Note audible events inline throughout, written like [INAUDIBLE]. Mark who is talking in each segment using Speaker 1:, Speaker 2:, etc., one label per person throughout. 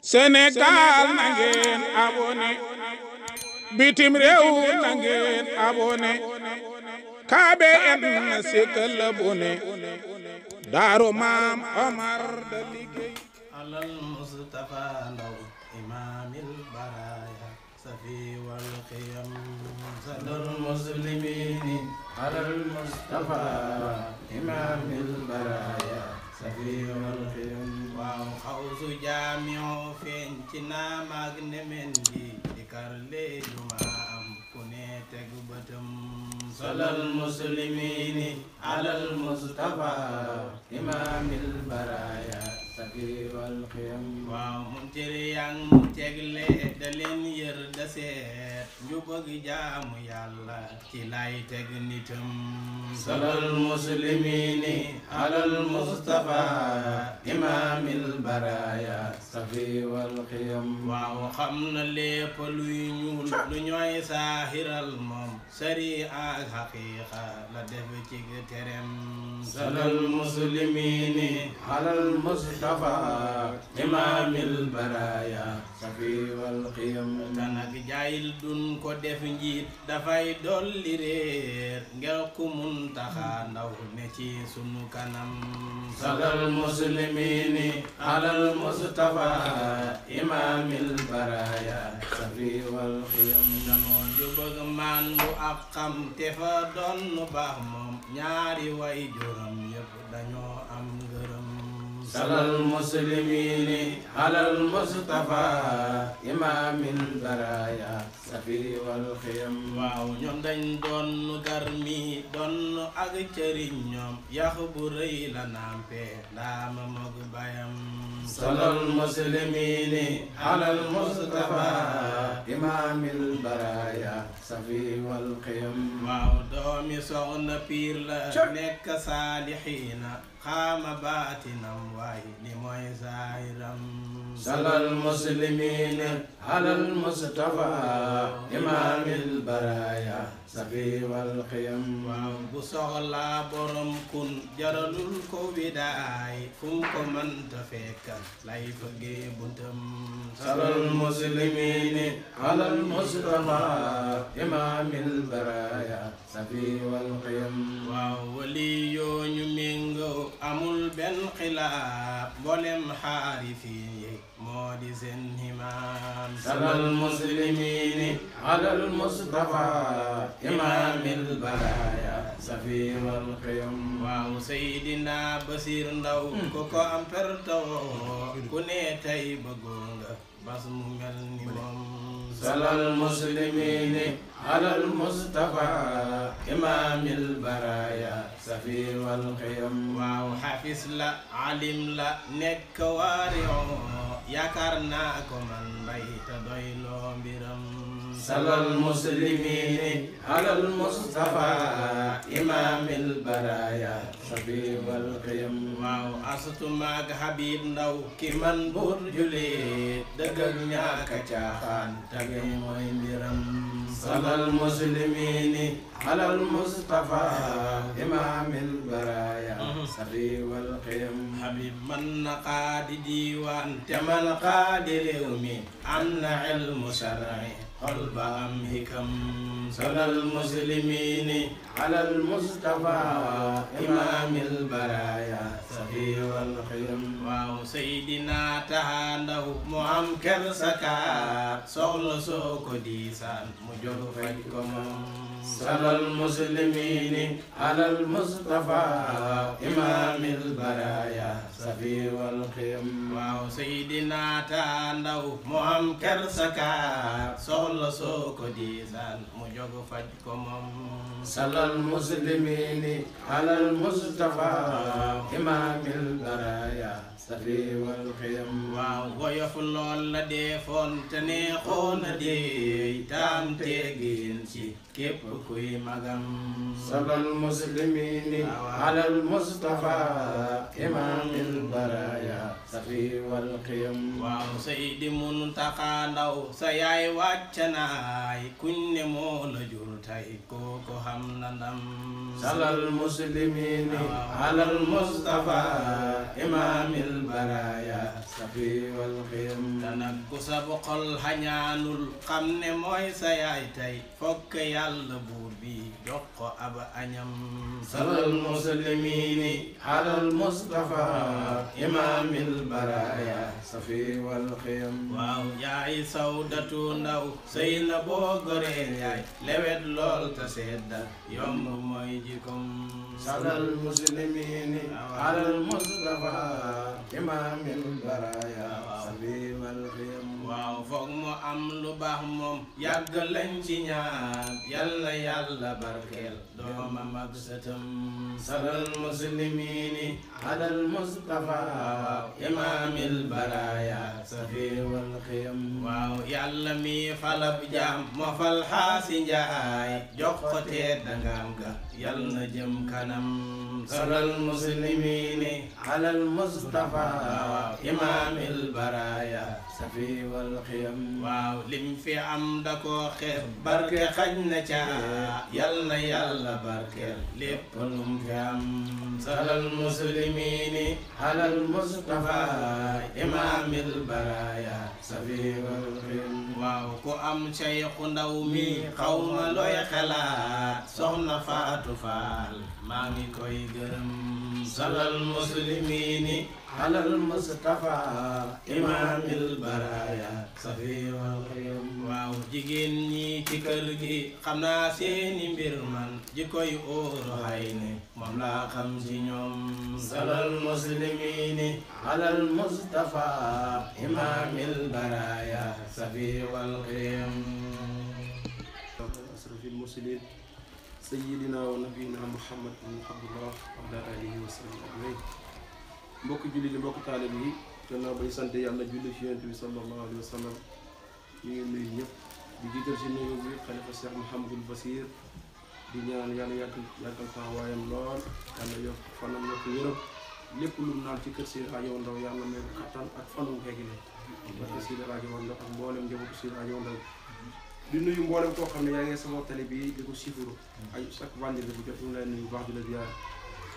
Speaker 1: Sénégal na ngeen bitim réew na ngeen abonné KBN na sikkal abonné
Speaker 2: daaru maam Omar da liggéey alal baraaya safi wal xiyam sadal muslimini alal Mustafa baraaya xawsu jaamiu feeñ ku ne teg bëtam solal muslimini alal mustafa imaamil baraya safiwal xiyam waaw mu tëri mu tegle da leen yër njub ak jaamu yàlla ci lay teg nitam salal muslimini alal mustafa imaamil baraya safiwal xiyam waaw xam na lépp luy ñuul lu ñooy saaxiral moom sari ak xaqiqa la def ci terem salal muslimini alal mustafa imaamil baraya safiwal xiyam tanag jaayil dun kun ko dafay dolli réer ku muntaxa ne ci sunu kanam
Speaker 1: alal mustafa
Speaker 2: imamil baraya safi wal xiyam damoo ju bëgg maan bu ak xam te fa doon baax moom ñaari way juram yëpp dañoo صلى المسلمين على المصطفى إمام البرايا سفير والخيم واو ñoom dañ doon garmi doon ak cëriñ يا خبري لا rëy la nampe ndaama mag bayam صلى المسلمين على المصطفى إمام البرايا سفي والقيم واو دومي soxna بير لا نيك صالحين قام واي واحد ظاهرا صلى المسلمين على المصطفى إمام البرايا سبيب القيم وانبسو لا برم كن جرلل كوبيداي كم كمان لا لايف جيبتم سر المسلمين على المسلمة إمام البرايا سبيب القيم وولي نمينغو أمول بن خلاب بولم حارفي المولز همام صلى المسلمين على المصطفى إمام البرايا سفير القيم waaw Seydina Basiir Ndaw ku ko am pertawoo ku ne tey bëggoon nga bas mu mel ni moom صلى المسلمين على المصطفى إمام البرايا سفير القيم waaw xafis la alim la nekk waariyoo yaakaar naa ko man mbay te doy loo mbiram صلى المسلمين على المصطفى إمام البرايا شبيب القيم واو أصت ماك حبيب نو كمن برجلي دقل نياك جاخان تغي مهندرم صلى المسلمين على المصطفى إمام البرايا شبيب القيم حبيب من نقاد ديوان تمن قادر يومي أمن علم شرعي قلب أمهكم صلى المسلمين على المصطفى إمام البرايا سفي الخيم واو سيدنا تهانه مهم كرسكا سول سوكو ديسان مجوفكم صلى المسلمين على المصطفى إمام البرايا صفي والقمة سيدنا تاندو مهم كرسكا صلى سوك ديزان مجوغ فجكم صلى المسلمين على المصطفى إمام البرايا safiiwal xiyam waaw woyof lool la deefoon te neexoon a deey taam teggin ci képp kuy magam sabal muslimini alal mustafa imaamil baraya safiiwal xiyam waaw saydi muntaqa ndaw sa yaay wàcc naay kuñ ne moo la jur tey kooko xam na ndam salal muslimini alal mustafa imaamil البرايا صفي والقيم تنكو سبق الحنان القمن موي سيايتي فك يالبود bi jox ko ab añam salal muslimini alal mustafa imaamil baraya safi wal xiyam waaw yaay sawdatu ndaw sëy na boo goreel yaay lewet lool ta sedda yomb mooy jikom salal muslimini alal mustafa baraya waaw foog mu am lu baax moom yàgg lañ ci ñaar yàlla yàlla barkeel doomam ak sëtam saral muslimiini alal mustafa imaamil baraaya safiwal xiyam waaw yàlla mi falab jaam moo fal xaasi njaay jox ko tee dangaam ga yal na jëm kanam saral muslimiini alal mustafa imaamil baraaya safiwal wal xiyam waaw lim fi am da koo xeeb barke xaj na ca yàlla yàlla barkeel lépp lum fi am salal muslimini halal mustafa imaamil baraya safiwal xiyam waaw ku am ceyxu ndaw mi xaw ma looy xalaat soxna faatu faal maa ngi koy gërëm salal muslimini على المصطفى إمام البرايا صفي والخيم waaw jigéen ñi ci kër gi xam naa seeni mbir man jikoy óoru xay ni moom laa xam ci ñoom salal muslimini alal mustafa imaamil baraya safi wal xiyam
Speaker 1: asrafil mursalin sayyidina wa nabiyina muhammadin abdullah wa ala alihi wa sallam ajmain mbokki julli di mbokki taalib yi gannaaw ba ñu sant yàlla julli ci yonent bi sallallahu alayhi wa sallam ñu ngi nuyu ñëpp di jiital si nuyu bi xalifa lépp lu mu naan ci kër Seydi Hadji Awa Ndaw yàlla may ko kattan ak fanam xeegile parce que Seydi Hadji Awa Ndaw mboolem njabootu Seydi Hadji Awa Ndaw di nuyu mboolem koo xam ne yaa ngi sama télé bi di ko sifuru ay chaque vendredi bu jot ñu lay nuyu baax di la ziyaar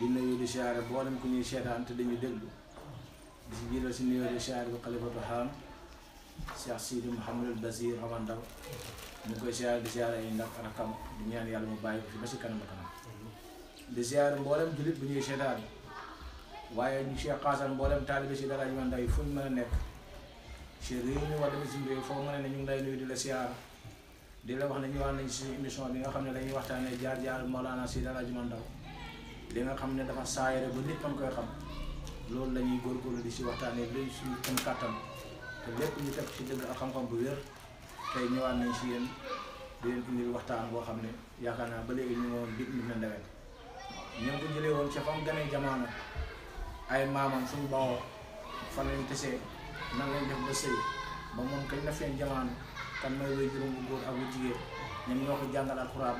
Speaker 2: di nuyu di siyaare boolem ku ñuy seetaan te dañuy déglu di si jiital si nuyoo di siyaare bu xalifatu xaam
Speaker 1: Cheikh Sidi Mouhamadul Basir Omar Ndaw ñu koy siyaare di siyaare ay ndax rakam di ñaan yàlla mu bàyyi ko ba si kanam kanam di siyaare mboolem jullit bu ñuy seetaan waaye ñu Cheikh Xaasan mboolem taalibe si dara ñu ndaw fu ñu mën a nekk si réew mi wala si foo mën a ne ñu ngi lay la siyaare di la wax ne ñëwaat nañ si émission bi nga xam ne dañuy waxtaanee jaar jaar Mawlana si dara ju ndaw li nga xamne dafa sayere bu nit am koy xam lolou lañuy gor gor di ci waxtane lay suñu tan katam te lepp ñu tek ci dëgg ak xam-xam bu wër tay ñëwaat nañ ci yeen di leen indi waxtaan bo xamne ne ba legi ñu woon digg ñu ne ndawet ñoo ko jëlé woon ci fam gane jamaana ay maamam suñu bawoo fa lañu tesee na lañ def ba sey ba moom kañ na feen jamaana kan may way juroom bu goor ak bu jigeen ñam ñoko ko jàngal alxuraan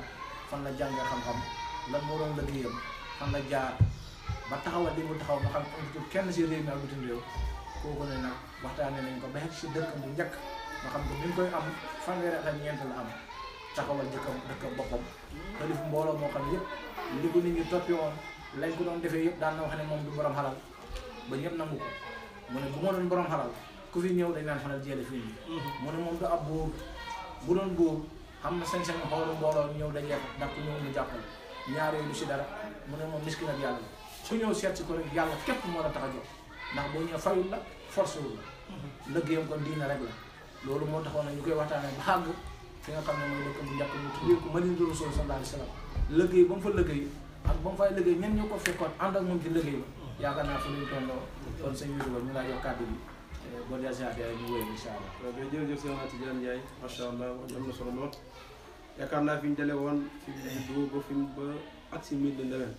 Speaker 1: fan la jàngee xam-xam lan mo doon lëggéeyam fan la jaar ba taxawal li mu taxaw nga xam ne kenn si réew mi ak bitim réew kooku ne nag waxtaanee nañ ko ba si dëkkam bu njëkk nga xam ne ni koy am fanweeri at ak ñeent la am taxawal dëkkam dëkkam boppam xalif mbooloo moo xam yëpp li ko nit woon lañ ko doon defee daan na wax ne moom du borom xalal ba ñëpp nangu ko mu ne bu ma doon borom ku fi ñëw dañ naan xalal jële fii nii mu mhm. moom du ab boobu bu doon boobu xam na sañ-sañ xoolu mbooloo ñëw dajee daf ndax ñëw mu jàppale ñaar yooyu du si dara mu ne moom miskin ak yàlla la ku ñëw seet si ko rek yàlla képp moo la tax a jox ndax boo ñëwee fayul la force wul la mhm. lëggéeyam kon diina rek la loolu moo taxoon na ñu koy waxtaanee ba àgg fi nga xam ne mooy dëkk bu njëkk mu tuddee ko Madinatu Rasul sallallahu alayhi wa sallam lëggéey ba mu fa lëggéey ak ba mu fay lëggéey ñen ñu ko fekkoon ànd ak moom ci lëggéey ba mhm. yaakaar naa fi luñ tolloo kon sëñ bi ñu laa jox kàddu bi eh, boo dee ziare ñu wéy incha
Speaker 2: allah waaw mais jërëjëf sëñ Ahmed Tidiane Ndiaye macha allah wax am na solo lool yaakaar naa fi ñu dalee woon
Speaker 1: fi mu ba fi mu ba ak si mille Ndewen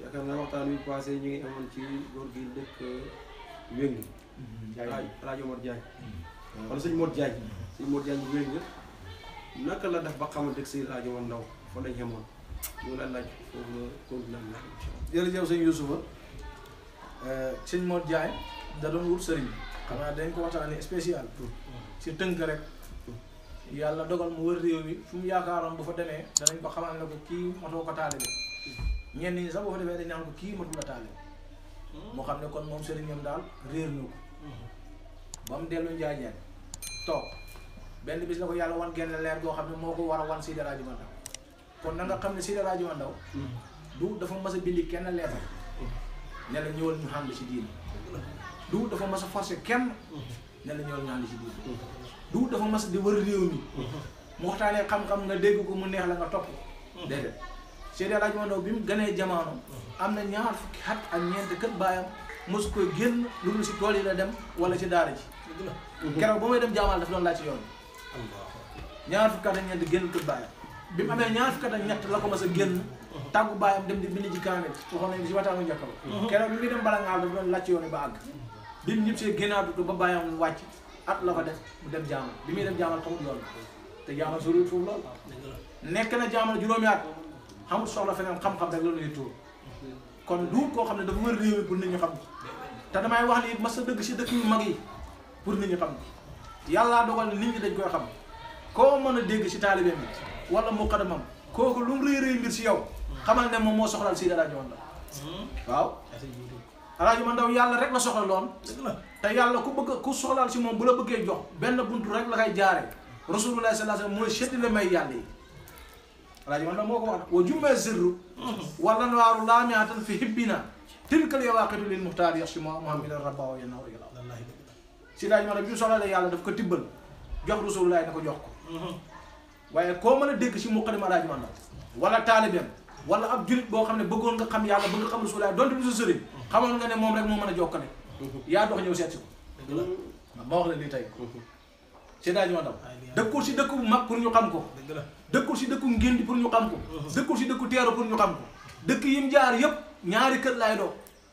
Speaker 1: yaakaar naa waxtaan wi passé ñu ngi amoon ci góor gi dëkk Weng. Diagne rajo Mor Diagne. kon sëñ Mor Diagne. sëñ Mor Diagne naka la def ba xamante ak sëñ rajo woon ndaw fa lañ la laaj foofu la continué na incha allah. jërëjëf euh, da doon wut sëriñ xanaa dañ ko waxtaanee spécial pour mm-hmm. si tënk rek. yàlla dogal mu wër réew mi fu mu yaakaaroon bu fa demee danañ ko xamal ne ko kii matoo ko taalibe ñenn ñi sax boo fa demee dañ naan ko kii matu la taalibe moo xam ne kon moom sëriñam daal réer na ko ba mu dellu njaajeen toog benn bis la ko yàlla wan genn leer goo xam ne moo ko war a wan Seydi Hadji Mandaw kon na nga xam ne Seydi Hadji Mandaw du dafa mas a bindi kenn leetal ne la ñëwal ñu ànd ci diini du dafa mas a forcé kenn ne la ñëwal ñu du dafa mas di wër réew mi. Mhm. mu waxtaanee xam-xam nga dégg ko mu neex la nga topp ko. Mhm. de Seydi El Hadji Malick bi mu ganee jamono. Mhm. am na ñaar fukki at ak ñeent kër baayam mosu koy génn lu dul si tool yi la dem wala ci daara ji. keroog ba may dem jaamaal daf doon laaj ci yoon
Speaker 3: bi.
Speaker 1: ñaar fukki at ak ñeent génn kër baayam. bi mu amee ñaar fukki at ak ñett la ko mas a génn. tàggu baayam dem di ba. ba àgg. bi mu ñib see génnaatu ba baayam wàcc at la fa def mu dem jaamal bi muy dem jaamal xamut loolu te jaamal soriwul foofu
Speaker 3: lool
Speaker 1: nekk na jaamal juróomi at xamut soxla feneen xam-xam rek loolu lay tuur kon du koo xam ne dafa wër réew mi pour nit ñi xam te damay wax si dëkk yu mag pour nit ñi xam yàllaa dogal nit ñi dañ koy xam koo mën a dégg si taalibeem bi wala mu xadamam kooku lu mu rëy rëy si yow xamal ne moom moo soxlaal si dara ñoon la waaw alaaji ma ndaw yàlla rek la soxla loon te yàlla ku bëgg ku soxlaal si moom bu la bëggee jox benn buntu rek la koy jaare rasulullah sallallahu alayhi wasallam mooy seeti la may moo ko wax wa jummee sirru wala nawaaru laamiatan fi hibbina tilkal yawaaqitu lil muxtaar yax si mo muhammadan rabbahu yena wala si yàlla daf ko tibbal jox rasulullah ne ko jox ko mhm. waaye koo mën a dégg si muqaddam alaaji ma ndaw wala taalibeem wala ab julit boo xam ne bëggoon nga xam yàlla bëgg nga xam rasulullah donte du sa xamoon nga ne moom rek moo mën a jokkale yaa dox ñëw seet si ko ma wax la lii tey mhm. seedaa ji ma daw dëkkul si dëkku mag pour ñu xam ko dëkkul si dëkku ngéndi pour ñu xam ko mhm. dëkkul si dëkku teeru pour ñu xam ko dëkk yim jaar yëpp ñaari kër laay doo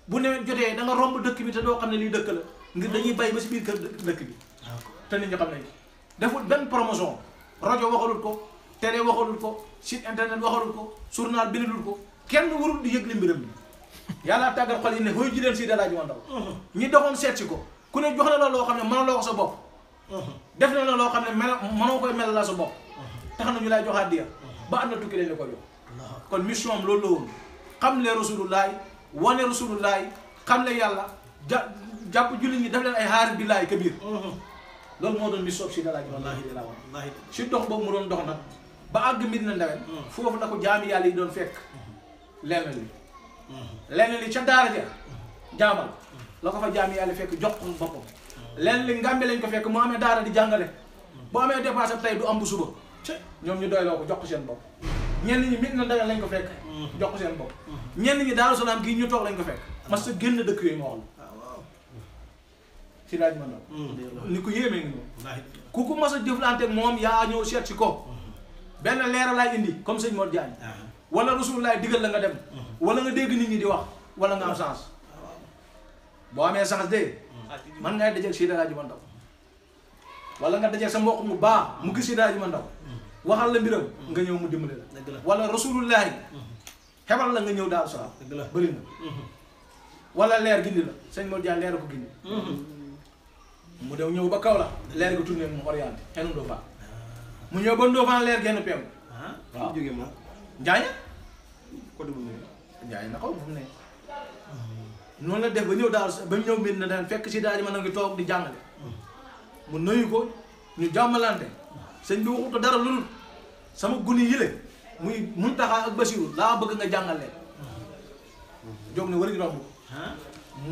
Speaker 1: bu nawet jotee da nga romb dëkk bi te doo xam ne lii dëkk la ngir dañuy bay ba si biir kër dëkk bi te nit ñi xam nañ deful benn promotion rajo waxalul ko tere waxalul ko site internet waxalul ko journal bindalul ko kenn warul di yëgle mbiram bi yàlla tàggal xol yi ne xëy ji leen si dalaa ji wandaw ñi doxoon seet si ko ku ne jox na la loo xam ne mënaloo ko sa bopp def na loo xam ne mel mënoo koy mel la sa bopp tax na ñu lay joxaat diya ba am na ko jox kon mission loolu la woon xam le rasulullaay wane rasulullaay xam le yàlla ja jàpp jullit ñi daf leen ay xaari billaay kabiir loolu moo doon mission si dalaa ji wallaahi la woon si dox boobu mu doon dox nag ba àgg mbir na ndawen foofu na ko jaami yàlla yi doon fekk lenn li lenn li ca daara ja jaamal la ko fa jaam yàlla fekk jox ko boppam lenn li ngambi lañ ko fekk mu amee daara di jàngale bu amee dépassé tey du am bu suba ñoom ñu doyloo ko jox seen bopp ñenn ñi mit na dagal lañ ko fekk jox seen bopp ñenn ñi daaru salaam gii ñu toog lañ ko fekk parce que génn dëkk yooyu ma wax ci ah, laaj ma ndaw mm. ni ko yéeme ngi moom ku ko mas a jëflante moom yaa ñëw seet si ko mm. benn leera laay indi comme sëñ Mor Diagne ah. wala rasul laay digal la nga dem mm. wala nga dégg nit ñi di wax wala nga am chance bo amé chance dé man ngay dajé ci dara ji man daw wala nga dajé sa mbokk mu ba mu gis ci dara ji man daw waxal la mbiram nga ñew mu dimbalé la wala rasulullah xebal la nga ñew daal sa bari na wala lèr gindi la señ mo Dia lèr ko gindi mu dem ñew ba kaw la lèr ga tourné mu orienté do ba ah, mu ñew ba lèr genn pem mo ko dum jaay na ko moom ne noonu la def ba ñëw daal ba ñëw mbir na daan fekk si daal di mën a ngi toog di jàngale mu nuyu ko jàmmalante sëñ bi waxu sama guni yile muy taxaa ak laa bëgg nga jàngal leen jóg ne wëriñ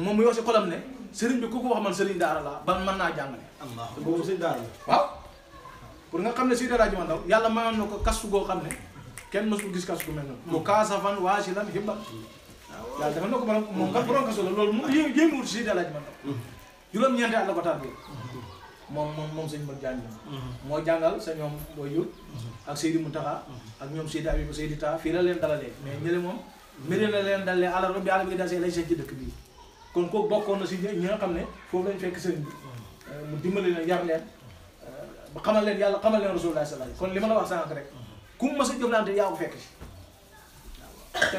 Speaker 1: moom mu yox si xolam ne sëriñ wax man sëriñ daara la ban naa jàngale boobu xam ne si dara ji ma yàlla mayoon na ko kastu goo xam ne kenn mosul gis kasu bu mel noonu. bu mm. kaasavan waa si lan xibaar. waaw yàlla dafa nekk borom moom kat borom kaso la loolu moom yéen yéen wut si dalaaj man mm. la. Mm. moom moom moom sëñ moo jàngal sa ñoom booy yóbbu. ak Seydi Mountakha. ak ñoom Seydi Habib Seydi Ta fii la leen dalalee mais ñële moom. mbiri la leen dalalee àll bi àll bi dasee lay seet ci dëkk bii. kon kooku bokkoon na si ñi nga xam ne foofu lañ fekk sëriñ bi euh, mu dimbali leen yar leen euh, xamal leen yàlla xamal leen rasulullah kon li ma la wax sànq rek ku mu mës a jëflante yaa ko fekk si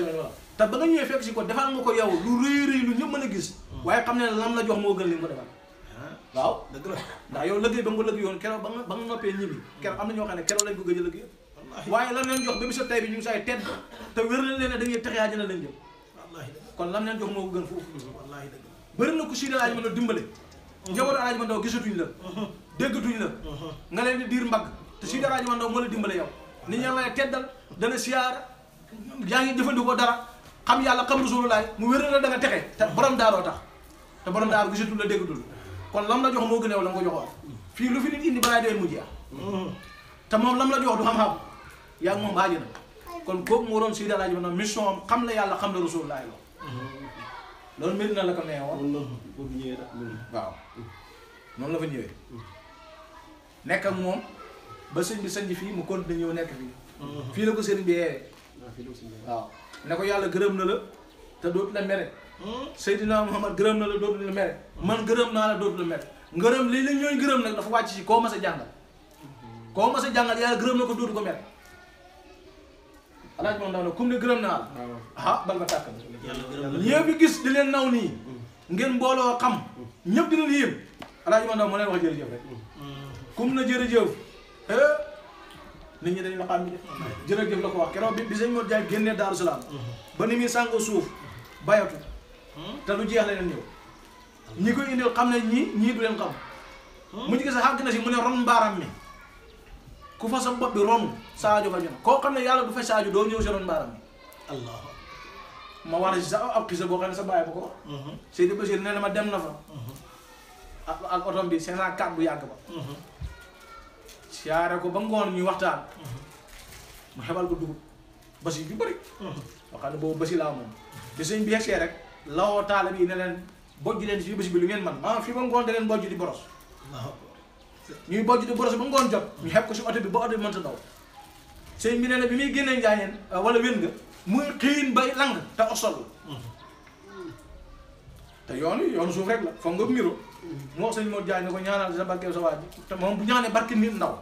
Speaker 1: te ba nga ñëwee fekk si ko defal nga ko yow lu rëy rëy lu ñëpp mën a gis waaye xam ne lam na jox moo gën li mu defal waaw dëgg la ndax yow lëggéey ba nga ko ba nga ba nga noppee ñibbi keroog am na xam ne keroog lañ bëgg a lëggéey waaye lan leen jox ba bisu tey bi ñu ngi say tedd te wér na leen ne da ngay texeyaa dina leen jëm kon lam leen jox moo ko gën foofu na mën a dimbale uh-huh. njaboot uh-huh. uh-huh. nga leen diir mbagg te si dalaaj ma ndaw moo la dimbale yow nit ñaa lay teddal dana siyaara yaa ngi jëfandikoo dara xam yàlla xam rasulullaay mu wér la da texe te borom daaroo tax te borom daaru gisatul la déggatul kon lam na jox moo gën a yow la fii lu fi nit indi balaa déwén mu jeex te moom lam la jox du xam-xam yaa ngi moom aaji kon kooku moo doon Seydi Alaaji Maalik mission xam la yàlla xam la rasulullaay la loolu mbir na la ko neexoon waaw noonu la fa ñëwee nekk ak moom ba sëñ bi sanj fii mu continué ñëw nekk fii. Mhm. fii la ko seen ah, bi yeewee. waaw ne ko yàlla gërëm na la te dootu la mere. Hmm? Seydina Muhammad gërëm na la dootu la mere. man gërëm naa la dootu la la ñooy gërëm nag dafa wàcc ci koo mas a jàngal. Hmm. koo mas a jàngal yàlla gërëm na ko dootu ko mere. alaaj moom daw na kum ne gërëm naa la ah, ah bal ba tàkk ñëpp bi gis di leen naw nii hmm. ngeen mbooloo xam ñëpp dina yéem alaaj moom daw mu leen wax jërëjëf rek kum na jërëjëf nit ñi dañ la xam ni jërëjëf la ko wax kéro bi bi sëñ mo jaay génné daru salam ba ni mi sango suuf bayatu te lu jeex la leen ñew ñi ko indil xam ne ñi ñi du leen xam mu ci gis xàgg na si mu ne ron mbaaram mi ku fa sa bopp bi ron saaju fa ñëw koo xam ne yàlla ya du fa saaju doo ñëw si ron mbaaram mi allah ma war ci sa ab xisa boo xam ne sa bàyyi ba ko seydi basir nee na ma dem na fa ak otom bi 504 bu yàgg ba siyaare ko ba ngoon ñuy waxtaan mhm. mu xebal ko dugub basi yu bëri mhm. waxal boobu basi laa moom bi sëñ bi yegsee rek lawoo taale bi ne leen bojj leen si basi bi lu ngeen man maanaam ah, fii ba ngoon da leen bojj di boros ñuy bojj di boros ba ngoon jot ñu xeb ko si oto bi ba oto bi mënta daw sëñ bi nee na bi muy génnee njaayeen ah, wala wén nga muy xiin bay lang te osol mhm. te yoon wi yoonu suuf rek la foog nga miro moo sëñ moo jaay ne ko ñaanal sa barke sa waaj te moom bu ñaanee barke nit ndaw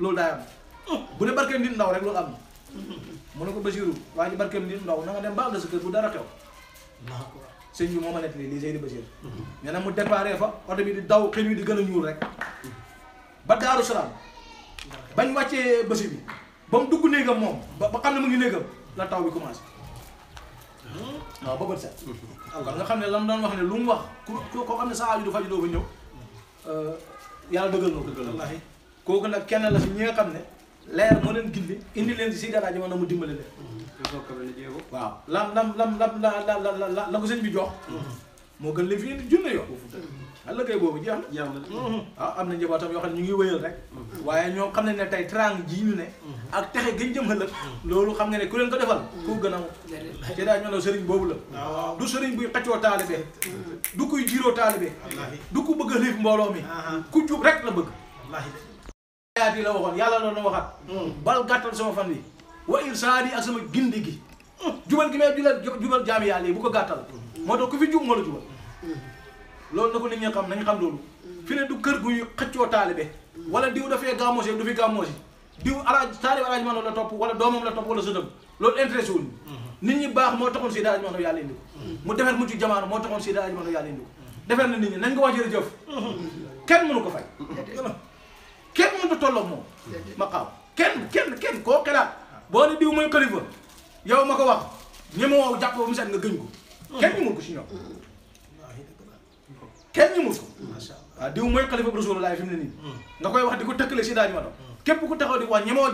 Speaker 1: loolu daay am bu ne barke nit ndaw rek loolu am na mu ne ko basiru waa ji barke nit ndaw na nga dem ba àgg sa kër bu dara xew sëñ bi moo ma nekk lii lii Seydi nee na mu déparé fa oto bi di daw xëy di gën a ñuul rek ba Daaru Salaam bañ wàccee bési bi ba mu dugg néegam moom ba xam ne mu ngi néegam la taw bi commencé waaw hmm? ah, ba bët set. [LAUGHS] kon nga xam ne lam doon wax ne lu mu wax ku ko xam ne sa aaju du faju doo ba ñëw euh, yàlla dëggal na ko dëggal wallaahi kooku nag kenn la fi ñi nga xam ne leer moo leen gindi indi leen si dara jamono mu dimbali leen. Hmm. waaw lam lam lam lam la la la la ko sëñ bi jox. Hmm. moo gën leen fi indi junne yoo. allëgay boobu jeex na jeex na ah, am na njabootam yoo xam ne ñu ngi wéyal rek waaye ñoo xam nañ ne tey trang ji ñu ne ak texe gën jëm ëllëg loolu xam nga ne ku leen ko defal ku gën a ci daa ñoo boobu la ah, du sëriñ buy xaccoo taalibe du kuy jiiroo taalibe du ku bëgg a mbooloo mi ah, ku jub rek la bëgg ayaat yi la waxoon yàlla loolu la waxaat hmm. bal gàttal sama fan yi wa irsaadi ak sama gindi gi jubal gi may jubal jubal jaami yàlla yi bu ko gàttal hmm. moo tax ku fi jub moo la jubal hmm. loolu na ko nit ñi xam nañ xam loolu mm. fi ne du kër guy xëccoo taalibe mm. wala diw dafee gàmmoosi du fi gàmmoosi diw alaaj taalibe alaaj Maodo la topp wala doomam la topp wala sëtam loolu intéressé wuñ mm-hmm. nit ñi baax moo taxoon si daal Maodo yàlla indi ko mm. mu defar moo taxoon si daal Maodo yàlla ko defar na nit ñi nañ ko wax jërëjëf mm-hmm. kenn mënu ko fay kenn mënu ko moom ma xaw kenn kenn kenn koo xelaat boo ne diw mooy kalifa yow ma ko wax ñi ma woo jàpp mu set nga gëñ ko kenn ñu mun ko si ñoom kenn ñu mus ko waaw diw mooy xalifa bu Rasulullah fi mu ne nii nga koy wax di ko tëkkale si daaj ma dox képp ku taxaw di wax ñemoo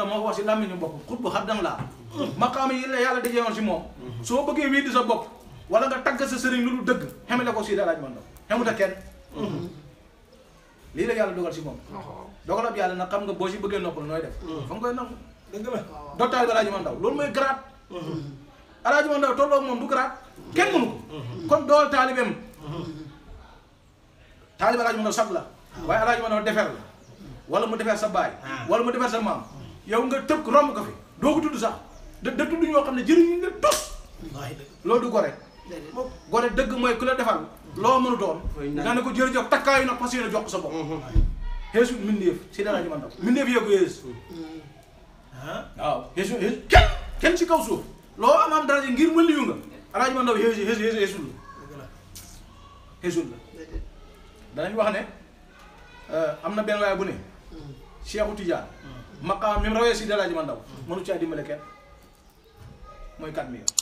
Speaker 1: moo ko wax si làmmiñu bopp xutba la yàlla dajeewoon si moom soo bëggee wéy di sa bopp wala nga tagg sa sëriñ lu dul dëgg xemele ko si daaj ma dox xemuta kenn lii la yàlla dogal si moom dogal ab yàlla nag boo si bëggee nopp la nooy def fa nga koy nangu dëgg la dottaay ma ndaw loolu mooy garaat alaaji ma ndaw du garaat kenn mënu ko kon dool taalibeem taalib alaaj mën a la waaye alaaj mën a defeer la wala mu defeer sa baay ah. wala mu defeer sa maam yow nga tëb ko romb ko fi doo ko tudd sax da da tudd ñoo xam ne jëriñu la tos loolu du gore gore dëgg mooy ku la defal loo mënu doon nga ne ko jërëjëf takkaayu nag fas yéene jox sa bopp xeesu mbindeef si dara ñu mën na ko mbindeef yee ko yeesu hmm. ah. Ah. kenn kenn si kaw suuf loo am am daraja ngir mën liyu nga alaaji ma ndaw xeesu xeesu xeesu xeesul la danañ wax ne euh, am na benn waaye bu ne Cheikhu Tidiane hmm. maqaam mi rawee si dalaa ma ndaw mënu caa dimbale kenn mooy quatre millions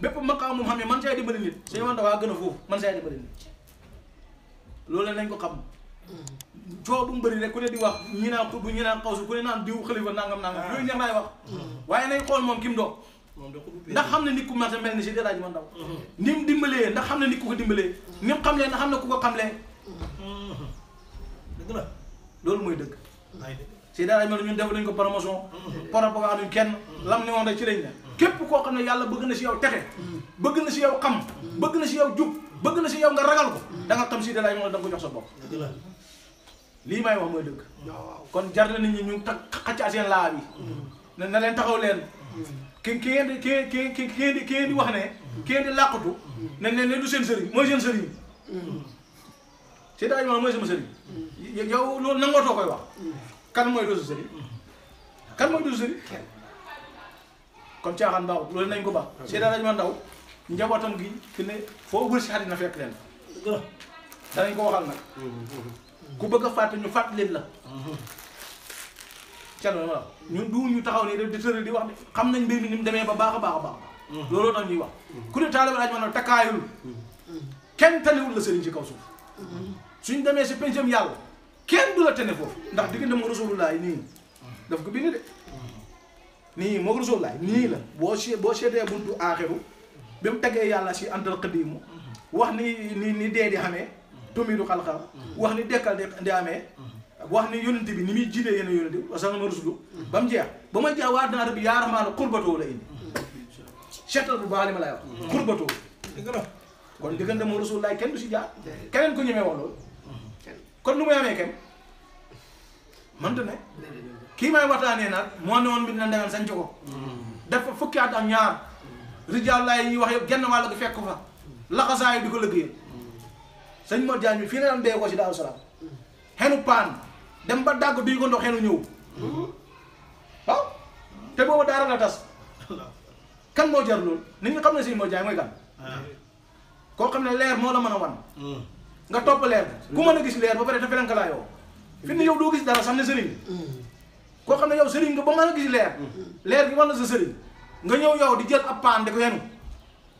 Speaker 1: bépp maqaam moom xam ne man caa dimbale nit suñu man dawaa gën a foofu man caa dimbale nit loolu nañ ko xam hmm. coow bu mu bëri rek ku ne di wax ñi ñu xutbu ñi naan xawsu ku ne naan diw xalifa nangam nangam ah. yooyu neex naay wax hmm. waaye nañ xool moom ki mu doon
Speaker 2: ndax
Speaker 1: xam ne nit ku mel mel ni si délaaji ma ndaw mm-hmm. ni mu dimbalee ndax xam ne nit ku ko dimbalee ni mu xamlee ndax xam ne ku ko xamlee mm-hmm. dëgg la loolu mooy dëgg si délaaji ma ñun def nañ ko promotion propagande mm-hmm. ñu kenn lam ni moom rek ci lañ képp koo xam ne yàlla bëgg na si yow texe bëgg na si yow xam bëgg na si yow jub bëgg na si yow nga ragal ko da nga xam si délaaji ma da nga ko jox sa bopp lii may wax mooy dëgg kon jar na nit ñi ñu xacc seen laa bi na leen taxaw leen ki ki ngeen di ki ki ki ki ki ngeen di wax ne. ki ngeen di làqatu. ne du seen sëriñ mooy seen sëriñ. Seydi Hadji Malick mooy sama sëriñ. yow loolu nangootoo koy wax. kan mooy doosu sëriñ. kan mooy doosu sëriñ. kon caaxaan baaxut loolu nañ ko baax. Seydi Hadji Malick Ndao njabootam gi fi ne foo wër si xarit na fekk leen fa. danañ ko waxal nag. ku bëgg a fàtte ñu fàtt leen la. Thierno dama la ñun du ñu taxaw nii di tëral di wax ne xam nañ mbir mi ni mu demee ba baax a baax a baax. Mm-hmm. looloo tax ñuy wax. ku ne taaliba laaj ma ne takkaayul. Mm-hmm. kenn taliwul la sëriñ ci kaw suuf. Mm-hmm. suñ demee si pencam yàlla kenn du la tene foofu ndax diggante mu rasulullah nii daf ko bind de. nii moo ko rasulullah nii la boo see boo seetee buntu aaxiru bi mu tegee yàlla si antal qadimu wax ni ni ni dee di xamee. tumidu xalxal wax ni dekkal di amee. wax ne yonent bi ni muy jiitee yenn yonent bi ma rusulu ba mu jeex ba ma jeex waa dinaata bi yaa rahmaanu xurbatoo la indi seetal bu baax li ma lay wax xurbatoo kon diggante moo rasul laay kenn du si jaar keneen ku ñemee wax kon nu muy amee kenn mënta ne kii may waxtaanee nag moo ne woon bi dina ndegan sañ ko dafa fukki at ak ñaar rijaal laay wax yëpp genn wàll gi fekk fa laxasaa yi di ko lëggee sëñ Mor Diagne bi fii la daan dee ko si Daaru Salaam xenu dem ba dag duy ko ndoxé xelu ñew waaw té bobu dara la tas kan mo jar loolu nit ñi xam seigne mo jaay moy kan ko xam lèr mo la mëna a wan nga top lèr ku mëna gis lèr ba pare dafa lenk la yow fi ne yow do gis dara samné seigne ko koo yow seigne nga ba mën gis lèr lèr gi wala seigne nga ñew yow di jël ab paan di yenu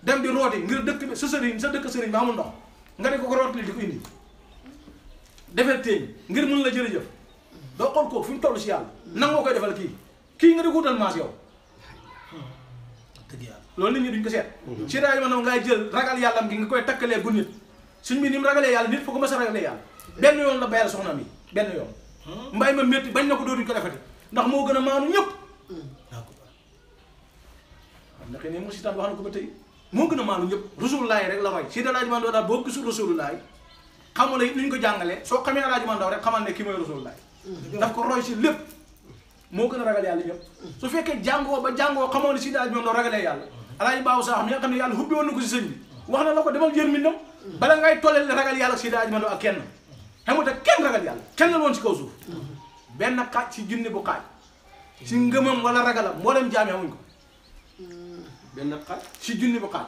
Speaker 1: dem di roti ngir dëkk bi sa sëriñ sa dëkk sëriñ ba amul ndox nga ne ko ko di ko indi defal teñ ngir mën la jëf doo xool kooku fi mu toll si yàlla nangoo koy defal ki ki nga di wutal mas yow dëgg yàlla loolu nit ñi duñ ko seet ci raay maanaam nga jël ragal yalla gi nga koy takkalee gu nit suñu bi nim ragalé yalla nit foo ma sa ragalé yalla yàlla benn yoon la bayal soxna mi benn yoon mbay ma metti bañ na ko dootuñ ko defati ndax mo gëna a maanu ñëpp ndax ne mo ci tan na ko ba tay mo gëna maanu ñëpp rasulullah rek la way ci da laaji man do da bokku su rasulullah xamula it nuñ ko jangalé so xamé alaaji man do rek xamal ne ki moy rasulullah daf ko roy si lépp moo gën a ragal yàlla su fekkee jàngoo ba jàngoo xamoon ne si daaj moom doo ragalee yàlla alaaji baaw saax mi nga xam ne yàlla hubbi woon na ko si sëñ bi wax na la ko demal jër mi ndam bala ngay tolleel ragal yàlla si daaj moom ak kenn xamut ak kenn ragal yàlla kenn la woon si kaw suuf benn xaaj si junne bu xaaj si ngëmam wala ragalam mboolem jaam ko benn xaaj si junne bu xaaj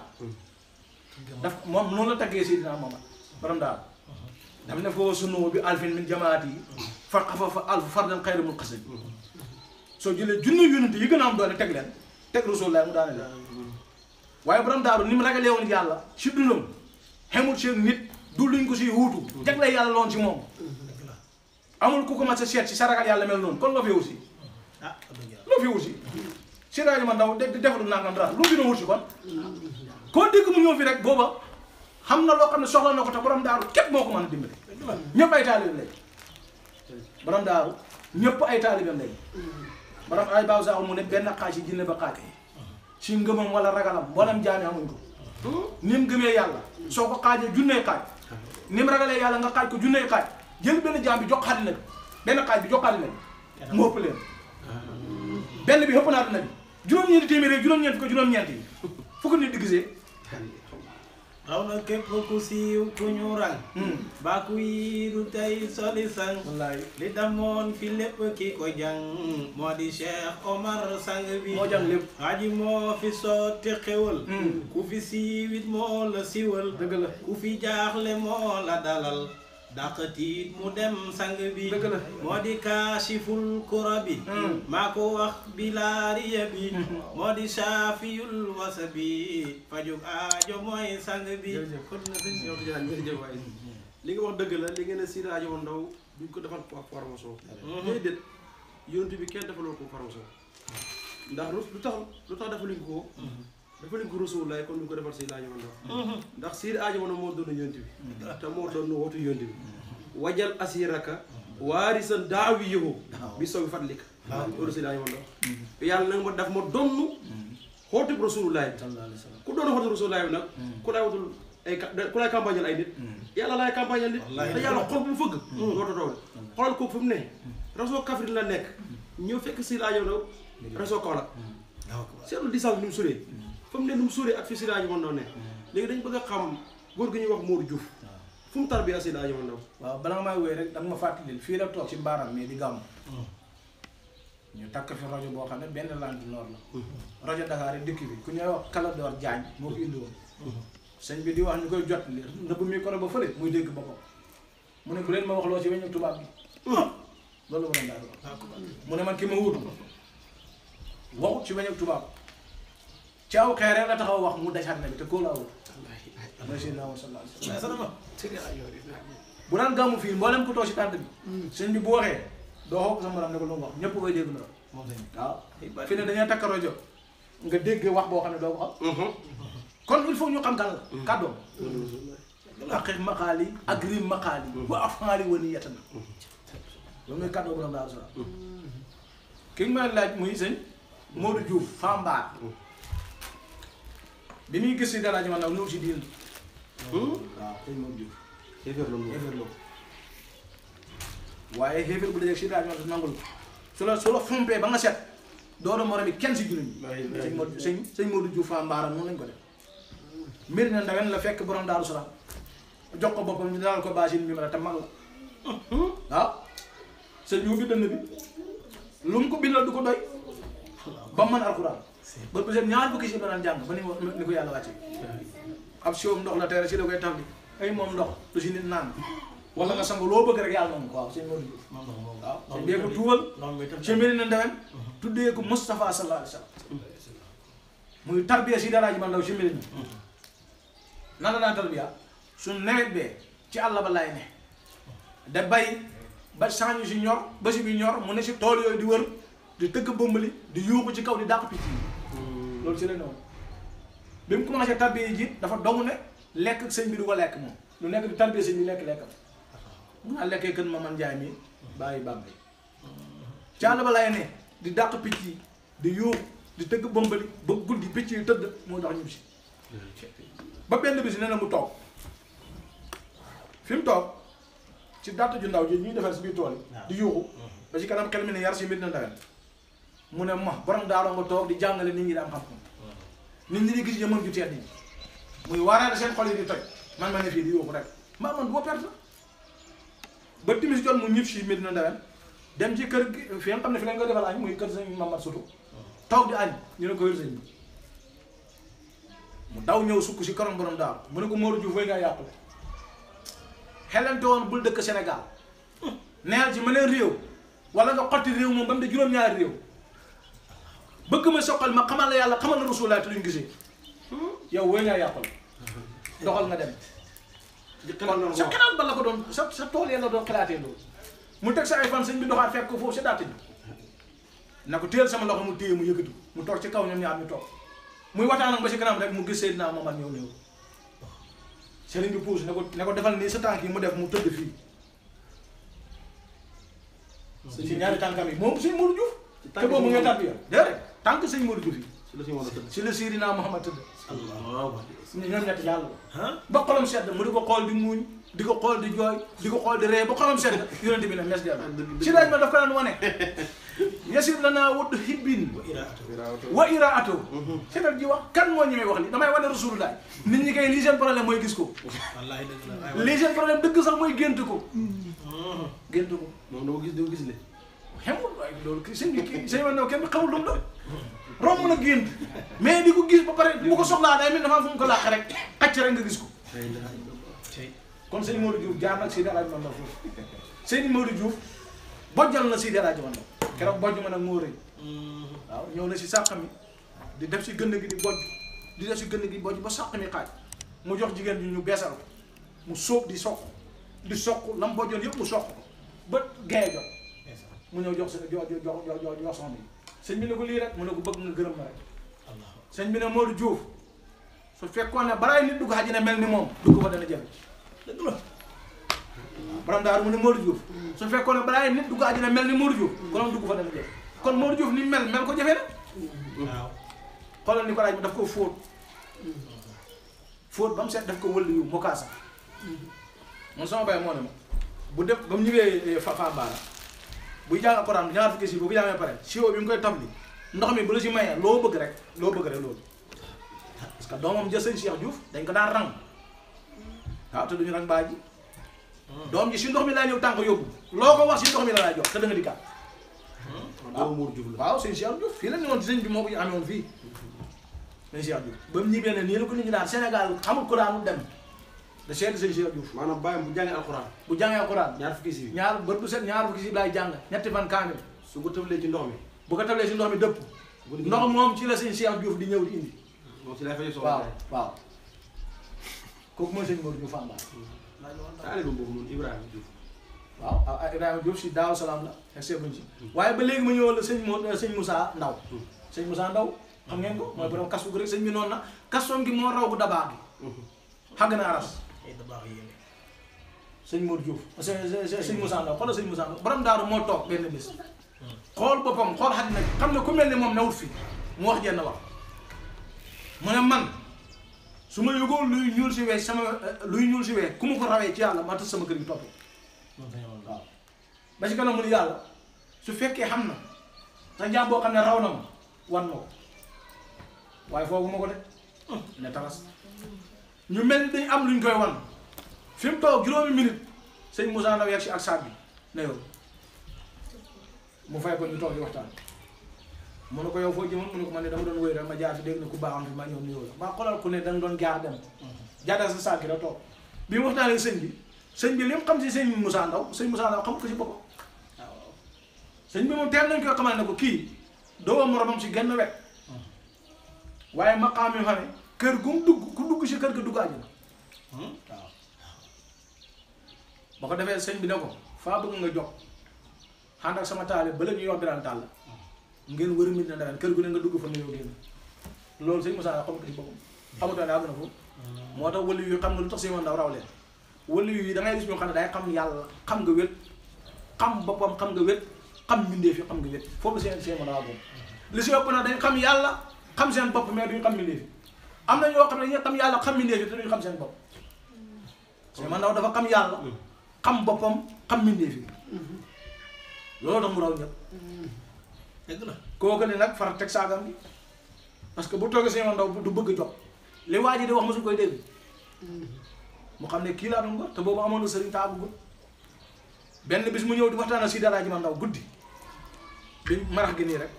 Speaker 1: daf moom noonu la taggee Seydina Muhammad borom daal daf ne foo sunu bi alfin min jamaat yi farqa foofa alf fardan xayra munqasim soo jëlee junni yonent yi gën am doole teg leen teg rasulullah mu daane leen waaye borom daaru ni mu ragalee woon yàlla si dundam xemul seen nit du luñ ko siy wuutu jagleel yàlla loon si moom amul ku commencé seet si sa ragal yàlla mel noonu kon loo fi wut si ah loo fi wut si si rajo ma ndaw de defalu nangam dara lu fi na kon koo dégg mu ñëw fi rek booba xam na loo soxla na ko borom daaru képp moo ko mën a ay taalibe lañ borom daaru ñëpp ay taalibeem lañ borom ay baaw saaxu mu ne benn xaaj yi jinne ba xaake ci ngëmam wala ragalam mboolem jaani amuñ ko ni mu gëmee yàlla soo ko xaajee junney xaaj ni mu ragalee yàlla nga xaaj ko junney xaaj jël benn jaam bi jox àddina bi benn xaaj bi jox àddina bi mu ëpp leen benn bi ëpp na àddina bi juróom-ñeenti téeméer juróom-ñeent ko juróom-ñeent yi fu nit di gisee raw na képp ku
Speaker 2: siiw ku ñu rang hmm. bàkku yi du tey soli sang li damoon fi lépp ki ko jàng moo di Cheikh Omar sang bi moo jàng lépp aji moo fi sotti xewal hmm. ku fi siiwit moo la siwal dëgg la ku fi jaaxle moo la dalal daqatiit mu dem sang bi moo di kaasiful kurabi hmm. maa ko wax bi laariya bi hmm. moo di saafiyul wasa bi fajug aajo mooy sang bi kon na sëñ ñoom jaan jërëjëf waay
Speaker 1: li nga wax dëgg la li nga ne Sida Ndaw duñ ko defal ko formation hmm. déedéet yontu bi kenn defaloo ko formation ndax lu tax lu tax defaluñ ko dafa leen ko Rasulullah kon ñu ko defal Seydina Limaamu mm-hmm. Laay ndax Seydina Limaamu Laay moo doon yonent bi te moo doon wootu yonent bi mm-hmm. wajal asiraka waarisan daawi yow bi sow fatlika loolu Seydina Limaamu mm-hmm. Laay yàlla nag ma daf ma donn xootub Rasulullah bi ku doon xootub Rasulullah bi nag ku laay wutul ay nit yàlla laay campagnal nit te yàlla xol bu mu fëgg dootu doole xoolal kooku fu ne réseau Kaffrine la nekk ñëw fekk Seydina Limaamu Laay réseau Kaolack seetlu distance bi ni mu fa mu ne nu suuree ak fi Sidaji Mandaw ne léegi dañ bëgg a xam góor gi ñuy wax Modou Diouf fu mu tarbiya Sidaji Mandaw waaw balaa may wooy rek da nga ma fàttali fii la toog ci mbaaram mais di gàmm hmm. ñu takk fi rajo boo xam ne benn langue noor la hmm. rajo Dakar yi dëkk bi ku ñuy wax Kalador Diagne moo ko indi
Speaker 3: hmm.
Speaker 1: bi di wax ñu koy jot li nëbb micro ba fële muy dégg boppam mu ne bu leen ma wax loo ci weñu tubaab bi ah, loolu la ma
Speaker 2: doon
Speaker 1: mu ne man ki ma wuutu waxut ci weñu tubaab ci aw xeer taxaw wax mu dacaat na bi te kóolu awul. bu daan gàmmu fii mboolem ku toog si tànt bi. sëñ bi bu waxee doo xoo sa morom ne ko lu mu wax ñëpp koy dégg na moom wax boo xam ne doo ko xam. Mhm. kon ñu xam kan la. Mhm. kàddoom. aqi maqaali agri maqaali mhm. wa afaali wani yetana loolu mooy kàddoo borom daal sala ki nga may laaj muy sëñ Modou Diouf Fambaar bi muy gis si dara ñu ma naw ñëw si diin. waaw la waaye xeefeer bu dee si dara ñu ma nangul ko su la su la fompee ba nga set dooru morom yi kenn si juróomi. sëñ Modou sëñ sëñ Modou Diouf Fane lañ ko def. mbir na ndawen la fekk borom daaru salaam jox ko boppam ñu daal ko bâche yi ñu mën a te mag la [LAUGHS] waaw sëñ bi dënn bi lu mu ko bindal du ko doy ba man alxuraan. ba bu seen ñaar bukki sib la daan ba ni ni ko yàlla wàcce ab siom ndox la teera si la koy taf bi ay moom ndox lu si nit naan wala nga sangu loo bëgg rek yàlla moom ko waaw sëñ Modou na ndewem tuddee ko Moustapha sallallahu alayhi wa muy tarbiya si dara ji man si mbir mi nan la daan tarbiya su nawet bee ci àll ba lay ne da bay ba sañu si ñor ba si bi ñor mu ne si tool yooyu di wër di tëgg bëmbali di yuuxu ci kaw di dàq picc yi loolu ci la ne woon bi mu commencé tarbiya yi jiit dafa dong ne lekk sëñ bi du ko lekk moom lu nekk di tarbiya sëñ bi lekk lekkam bu naa lekkee kën ma man njaay mi bàyyi bàmbay ci àll ba lay ne di dàq picc yi di yuux di tëgg bombali ba guddi picc yi tëdd moo tax ñib si ba benn bis nee mu toog fi mu toog ci dàtt ju ndaw ji ñuy defar si biir tool yi di yuuxu ba ci kanam xel mi ne yar si mbir na ndawet mu ne ma borom daaro nga toog di jàngale nit ñi di am xam-xam nit ñi di gis jëmam ju tedd muy waaree seen xol yi di toj man ma ne fii di yóbbu rek ma man boo perte ba timis jot mu ñib si medina ndawem dem ci kër gi fi nga xam ne fi lañ defal añ muy kër sëñ mamat sutu taw di añ ñu ne ko wér sëñ mu daw ñew sukk ci karam borom daaro mu ne ko mor juuf way nga yàqule xelante woon bul dëkk sénégal neel ci meneen réew wala nga xotti réew moom bam de juróom ñaari réew bëgg ma soqal ma xamal la yàlla xamal la rasulaay te duñ gisee yow wee ngaa yàqal doxal nga dem kon sa kenaan ba la ko doon sa sa tool yàlla doon xalaatee loolu mu teg sa ay fan sëñ bi doxaat ko foofu sa daata na sama loxo mu téye mu yëkkatu mu toog ci kaw ñoom ñaar ñu toog muy waxtaan ba si kanam rek mu gis Seydina Mohamad ñëw ñëw sëriñ bi puus ne ko ne ko defal nii sa tànk yi mu def mu tëdd fii si ñaari tànkam yi moom suñ muru Diouf te boobu mu ngay tàbbi déedéet tant que sëñ Modou Diouf si la sëñ Modou tëdd si la Seydina Muhammad tëdd ñoom ñett yàlla ba xolam sedd mu di ko xool di muuñ di ko xool di jooy di ko xool di ree ba xolam sedd yonente bi ne mes dell si laaj ma daf ko daan wane [LAUGHS] yasir lanaa wadd hibbin wa ira ato mhm. seetal ji wax kan moo ñemee wax li damay wane rasulullah nit ñi kay lii seen problème mooy gis ko lii seen problème dëgg sax mooy gént ko mhm. gént ko moom dama gis dama gis xamul waaye loolu kii sëñ bi kii sëñ man kenn xamul lu mu doon na génn mais di ko gis ba pare bu ko soxlaa day mel dafa am fu mu ko làq rek xacc rek nga gis ko kon sëñ Modou Diouf jaar nag Seydi El Hadji Mandaw foofu sëñ Modou Diouf bojjal na Seydi El Hadji Mandaw keroog bojj ma nag waaw ñëw na si sàq di def si gënd gi di bojj di def si gënd gi bojj ba sàq mi xaaj mu jox jigéen ñi ñu beesal mu sóob di soq di soq lam bojjoon yëpp mu soq ko ba gaye mu ñëw jox sa jox jox jox soxna yi sëñ bi ne ko lii rek mu ne ko bëgg nga gërëm ma rek sëñ bi ne Modou Diouf su fekkoon ne balaay nit dugg xaj na mel ni moom dugg fa dana jafe dëgg la mu ne Modou Diouf su fekkoon ne balaay nit dugg xaj mel ni Modou Diouf konoom dugg fa dana jafe kon Modou Diouf ni mel mel ko jafe na waaw xoolal ni ko laaj bi daf ko fóot fóot ba mu seet daf ko wëllu yu mu kaasa mm-hmm. man sama baay moo ne ma bu def ba mu ñëwee Fafa eh, Mbaara buy jàng alxuraan ñaar fukki si bu a pare si bi mu koy taf li ndox mi bu la si mayee loo bëgg rek loo bëgg rek loolu parce que doomam jël sëñ Cheikh Diouf dañ ko daan rang waaw te duñu rang baa ji doom ji si ndox mi laa ñëw tànk yóbbu loo ko wax si ndox mi la laa jox te da di kat waaw Mour Diouf la waaw sëñ Cheikh Diouf fii la ñu woon sëñ bi moo ko amee woon fii sëñ Cheikh Diouf ba mu ñibbee ne nii la ko nit ñi daal Sénégal xamul ko daanu dem da seen sëñ si Diouf maanaam bàyyam bu jàngee alxuraan bu jàngee alxuraan ñaar fukki si ñaar bër bu set ñaar fukki si lay jàng ñetti fan kaamil su ko tëblee ci ndox mi bu ko tëblee ci ndox mi dëpp ndox moom ci la sëñ Cheikh Diouf di ñëw di indi moom ci lay fajee soxla waaw waaw kooku mooy sëñ Mor Diouf Famba taalibu boobu noonu Ibrahima Diouf waaw ah, ah, Ibrahima Diouf si Daaru Salaam la ak seebuñ si waaye ba léegi ma ñëwoon la sëñ Mo sëñ Moussa Ndaw hmm. sëñ Moussa Ndaw xam ngeen ko mooy borom kasu rek sëñ bi noonu na kasoom gi moo raw bu dabaa gi xàgg hmm. ay dabaax yéene sëñ Mor Diouf sëñ Moussa Ndaw xoolal sëñ Moussa daaru moo toog benn bis hmm. xool boppam xool xaj nag xam ne ku mel ni moom newut fi mu wax jenn wax mu ne man su ma yëgoo luy ñuul si wee sama luy ñuul si wee ku ma ko rawee ci yàlla ma tas sama kër gi topp
Speaker 2: waaw
Speaker 1: ba ci kanam mu yàlla su fekkee xam na te jaam boo xam ne raw na ma wan ma waaye foofu ko de hmm. ne taras ñu mel dañ am luñ koy wan fi mu toog juróomi minute sëñ musaa Ndaw yegg si ak saab bi na yow mu fay ko ñu toog di waxtaan mu ko yow foo jëmoon mu ne ko man ne dama doon wéy ma jaar fi dégg na ku baaxoon fi ma ñëw nuyoo la maa xoolal ku ne da nga doon jaar dem jaadal sa saag gi rek toog bi sëñ bi sëñ xam si sëñ musaa Ndaw sëñ musaa Ndaw xam ko si boppam waaw sëñ bi moom teel nañ koy xamal ne ko kii doo moromam si genn wet waaye maqaam yu xam ne kër gum dugg ku dugg ci kër ga dugg àjjana hmm? waaw ba ko defee bi nako fa bëgg nga jox ànd ak sama taale ba la ñuy wax dal ngeen wër min na daan kër gu ne nga dugg fa nuyoo génn lool sëñ Moussa xam ko ci boppam xamutoon daa gën a foofu moo tax yu xam nga lu tax sëñ Ndaw raw leen yu da ngay gis ñu xam da day xam yalla xam nga wét xam bopam xam nga wét xam minde fi xam nga wét foofu seen seen ndaw a li ci ëpp na dañ xam yalla xam seen bop mais duñ xam mbindeef amna ñoo xamne ñi tam yalla xam mi néew te xam seen ci man daw dafa xam yalla mm. xam bopam xam mi néew mm. loolu tax mu raw ñep mm. deug la koo gën nak far tek saagam bi parce que bu toogee Suleymaan Ndaw du bëgg jox li waji di wax mosu koy dégg mu xamne ki la laa doon gor te bobu amono na sëriñ taa benn bis mu ñew di waxtana ci dara ji man daw guddi bi marax gi ni rek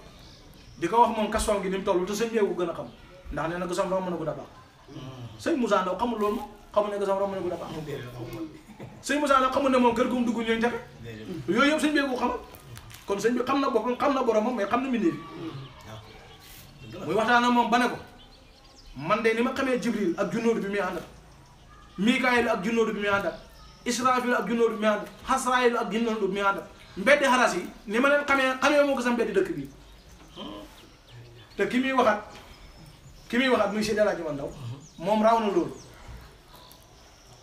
Speaker 1: diko wax mom kasoom gi nim tollu te seen bee ko xam ndax nee na ko romb na ko da baax sëñ Moussa Ndaw xamul loolu xamul ne ko sam romb na ko da baax sëñ Moussa ne moom kër gu mu dugg ñooy jafe yooyu yëpp sëñ bi ko kon sëñ bi xam na boppam xam na borom moom mais xam na mbindéef yi muy waxtaan moom ba ne ko man de ni ma xamee Jibril ak junnóodu bi muy àndal Mikaayil ak junnóodu bi muy àndal Israafil ak junnóodu bi muy àndal Xasraayil ak junnóodu bi muy àndal mbeddi xaras yi ni ma leen xamee xamee moo ko dëkk bi ki muy waxat ki muy waxaat muy Seydi El Hadji Omar moom raw na loolu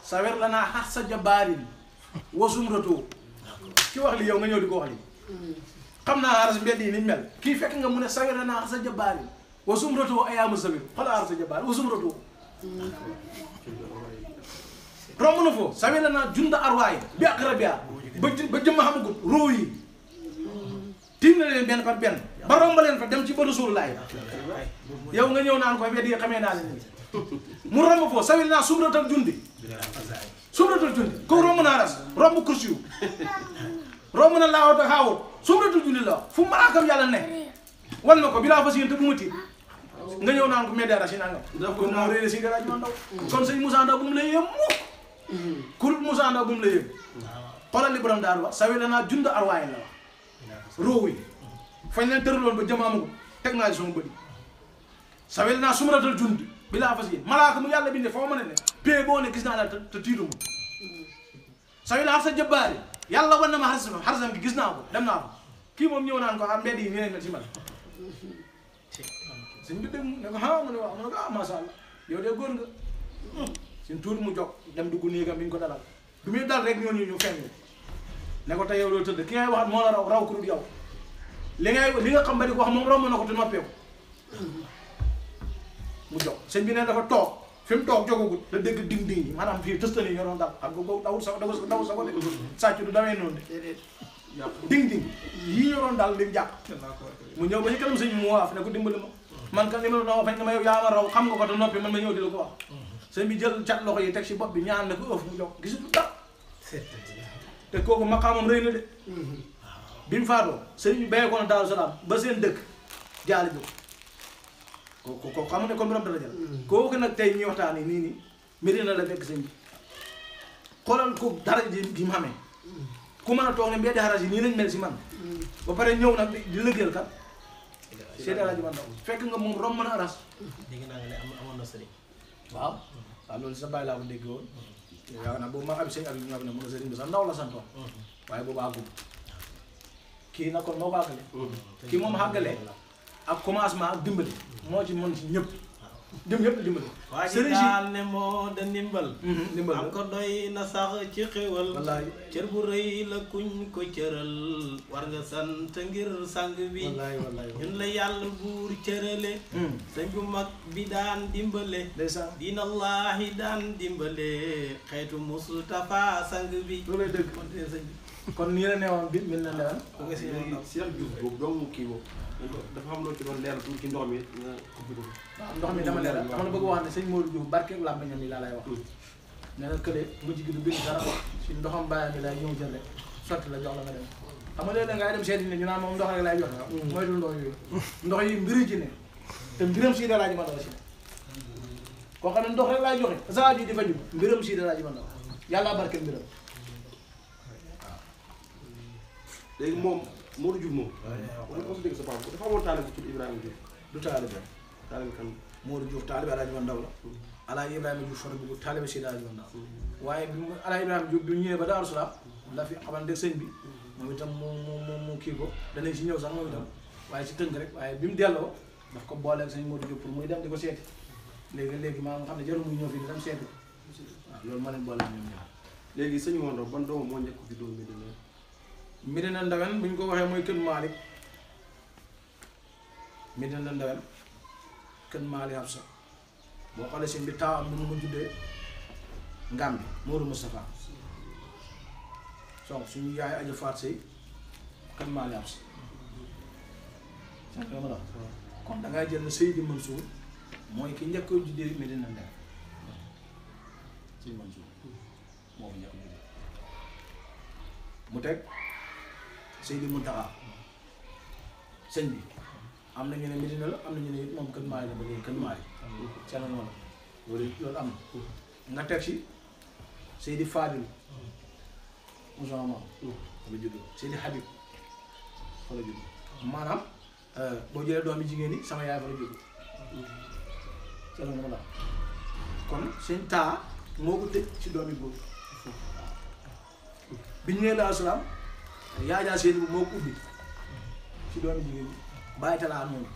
Speaker 1: sa la naa xax sa jabaarin wasum ratoo ki wax li yow nga ñëw di ko wax
Speaker 3: li
Speaker 1: xam naa aras mbedd yi niñ mel ki fekk nga mun ne sa wer la naa xax sa wasum ratoo ayaama na foofu sa wer la naa junda arwaay bi ak rabia ba jë ba jëmma xamagul tiim na leen benn par benn ba romb leen fa dem ci ba Rasulullaay yow nga ñëw naan ko weddi xamee mu romb foofu sawil naa sumratal jundi sumratal jundi ko romb naa ras romb kursi yu romb na laawut ak xaawut sumratal na ko bi laa fas yéen te bu ma tiit nga ñëw naan ko medda ras yi nangam daf ko moo réeré si garaj ma ndaw kon sëñ la yëm mukk kul Moussa Ndaw bu mu la yëm xoolal li borom daal wax sawil naa jund arwaay la wax róow yi fañ leen tëraloon ba jëmaamu ko teg naa si sama bëri sawel naa sumaratal jund bi laa fas yéen malaaka mu yàlla bindee foo mën a ne pee boo ne gis naa daal te tiituma sawel naa sa jëbbaari yàlla wan na ma xarsam xarsam gi gis naa ko dem naa ko kii moom ñëw naan ko ah ma yi ñeneen na ci man sëñ bi ne ko ah, mu ne ah, de góor nga dem dugg néegam ko dalal du muy dal rek ñooñu ñu fenn ne ko tey yow loo tëdd ki ngay waxat moo la raw raw ku dul yow li li nga xam ba di ko wax moom romb na ko te noppeeku mu jox sëñ bi dafa toog fi mu toog jogagul da dégg ding maanaam fii tëstani ñoo doon dal xam nga boobu dawul sa dawul sa sa de sàcc du dawee noonu de ding ding yii ñoo doon jàpp mu ñëw ba ci kanam sëñ bi mu waaf ne ko dimbali ma man ka li ma doon wax fañ ne ma xam nga ko te noppi man ma ñëw di la ko wax sëñ bi jël cat loxo yi teg si bopp bi ñaan ne ko ëf mu jox gisul dara te kooku maqaamam rëy na de mm-hmm. bim faro faatoo sëriñ bi ko na daru salam ba seen dëkk jaali bi ko ko ko xamne ko mbiram dara jël mm. ko nak tay ñi waxtani ni ni Medina la nek sëñ bi ko dara ji di mu mm. ku mën tok ne mbedd haraji ni lañ mel ci man mm. ba pare ñew nak di lëggeel kat dara Alaaji man fekk nga mom rom na aras dégg nga nga ne amoon na sëriñ waaw waaw loolu sa bay la ko dégg woon na naa ma am sëñ ak ñu xam ne mën a bi ndaw la waye waaye ba àggul kii na kon moo ko àggale mm-hmm. moom àggale ak commencement ak dimbali moo ci mën ci ñëpp jëm ñëpp dimbali ne moo da ndimbal
Speaker 2: mm-hmm, ndimbal am ko doy na sax ci xéwal cër bu rëy la kuñ ko cëral war nga sant ngir sang bi ñun la yàlla buur cërale mm. sëñ bu mag bi daan dimbale diina allaahi daan dimbale xeetu mustafa sang bi loolu lay dëgg kon nii la newoon bi mil na newoon. waaw léegi
Speaker 1: Cheikh boobu doomu kii boobu. dafa am loo ci doon leeral tuuti ci ndox mi nga gudd. waaw ndox mi dama leeral dama la bëgg a wax ne sëñ Modou Diouf barkeeg làmbañam yi laa lay wax. Hmm. nee na kële mujj gi du si ndoxam bàyyam yi lay ñëw jël rek sotti la jox la nga dem xam nga léeg-léeg ngay dem seeti ne ñu naan moom ndox rek laay jox la. Hmm. moytul ndox yooyu. ndox yi mbiri ji ne te mbiram si dalaa ji mën na si koo xam ne ndox rek laay joxe saa ji di fa jub mbiram si dalaa ji mën yàlla barkeel mbiram léegi moom moo Diouf moom. waaw waaw dégg sa papa dafa amoon taalibe tudd Ibrahima Diouf. du taalibe taalibe kan Modou Diouf taalibe Alaaji Mandaw la mm-hmm. Alaaji Ibrahima Diouf fara bugu taalibe si Alaaji Mandaw mm-hmm. waaye bi mu Alaaji Ibrahima ñëwee ba Daaru Salaam mm-hmm. la fi xamante sëñ bi moom itam mu mu mu kii ko danañ si ñëw sax moom itam waaye si tënk rek waaye bi mu delloo daf ko booleeg sëñ moo Diouf pour muy dem di ko seeti léegi léegi maa nga xam ne jarul muy ñëw fii di seeti loolu ma leen boole léegi ñaar léegi sëñ Mandaw ban moo njëkk fi doon mi Medina Ndewen bu ñu ko waxee mooy kër Malick Medina Ndewen kër Malick Absa boo xoolee sëñ bi taawam bi mu ko juddee Ngambi Modou Moustapha donc suñu yaay aju faat si kër Malick Absa c'est vrai kon da ngay jël ne Seydi Mansour mooy ki njëkk a juddee Medina Ndewen moo fi njëkk juddee mu teg. sëy bi Muntaxa sëñ bi am na ñu Medina la am na ñu ne it moom Maay la ba léegi Kër Maay ci la non loolu lool am na nga teg si Seydi Fadil jama fa la juddoo Seydi Habib fa la manam euh bo jëlé doomi jigéen yi sama yaay fa la juddoo ca la noonu kon señ ta moko tek ci doomi góor biñu né la asalaam yaajaa seen bu moo ko ubbi ci doomi jigéen ñi bàyyi talaa noonu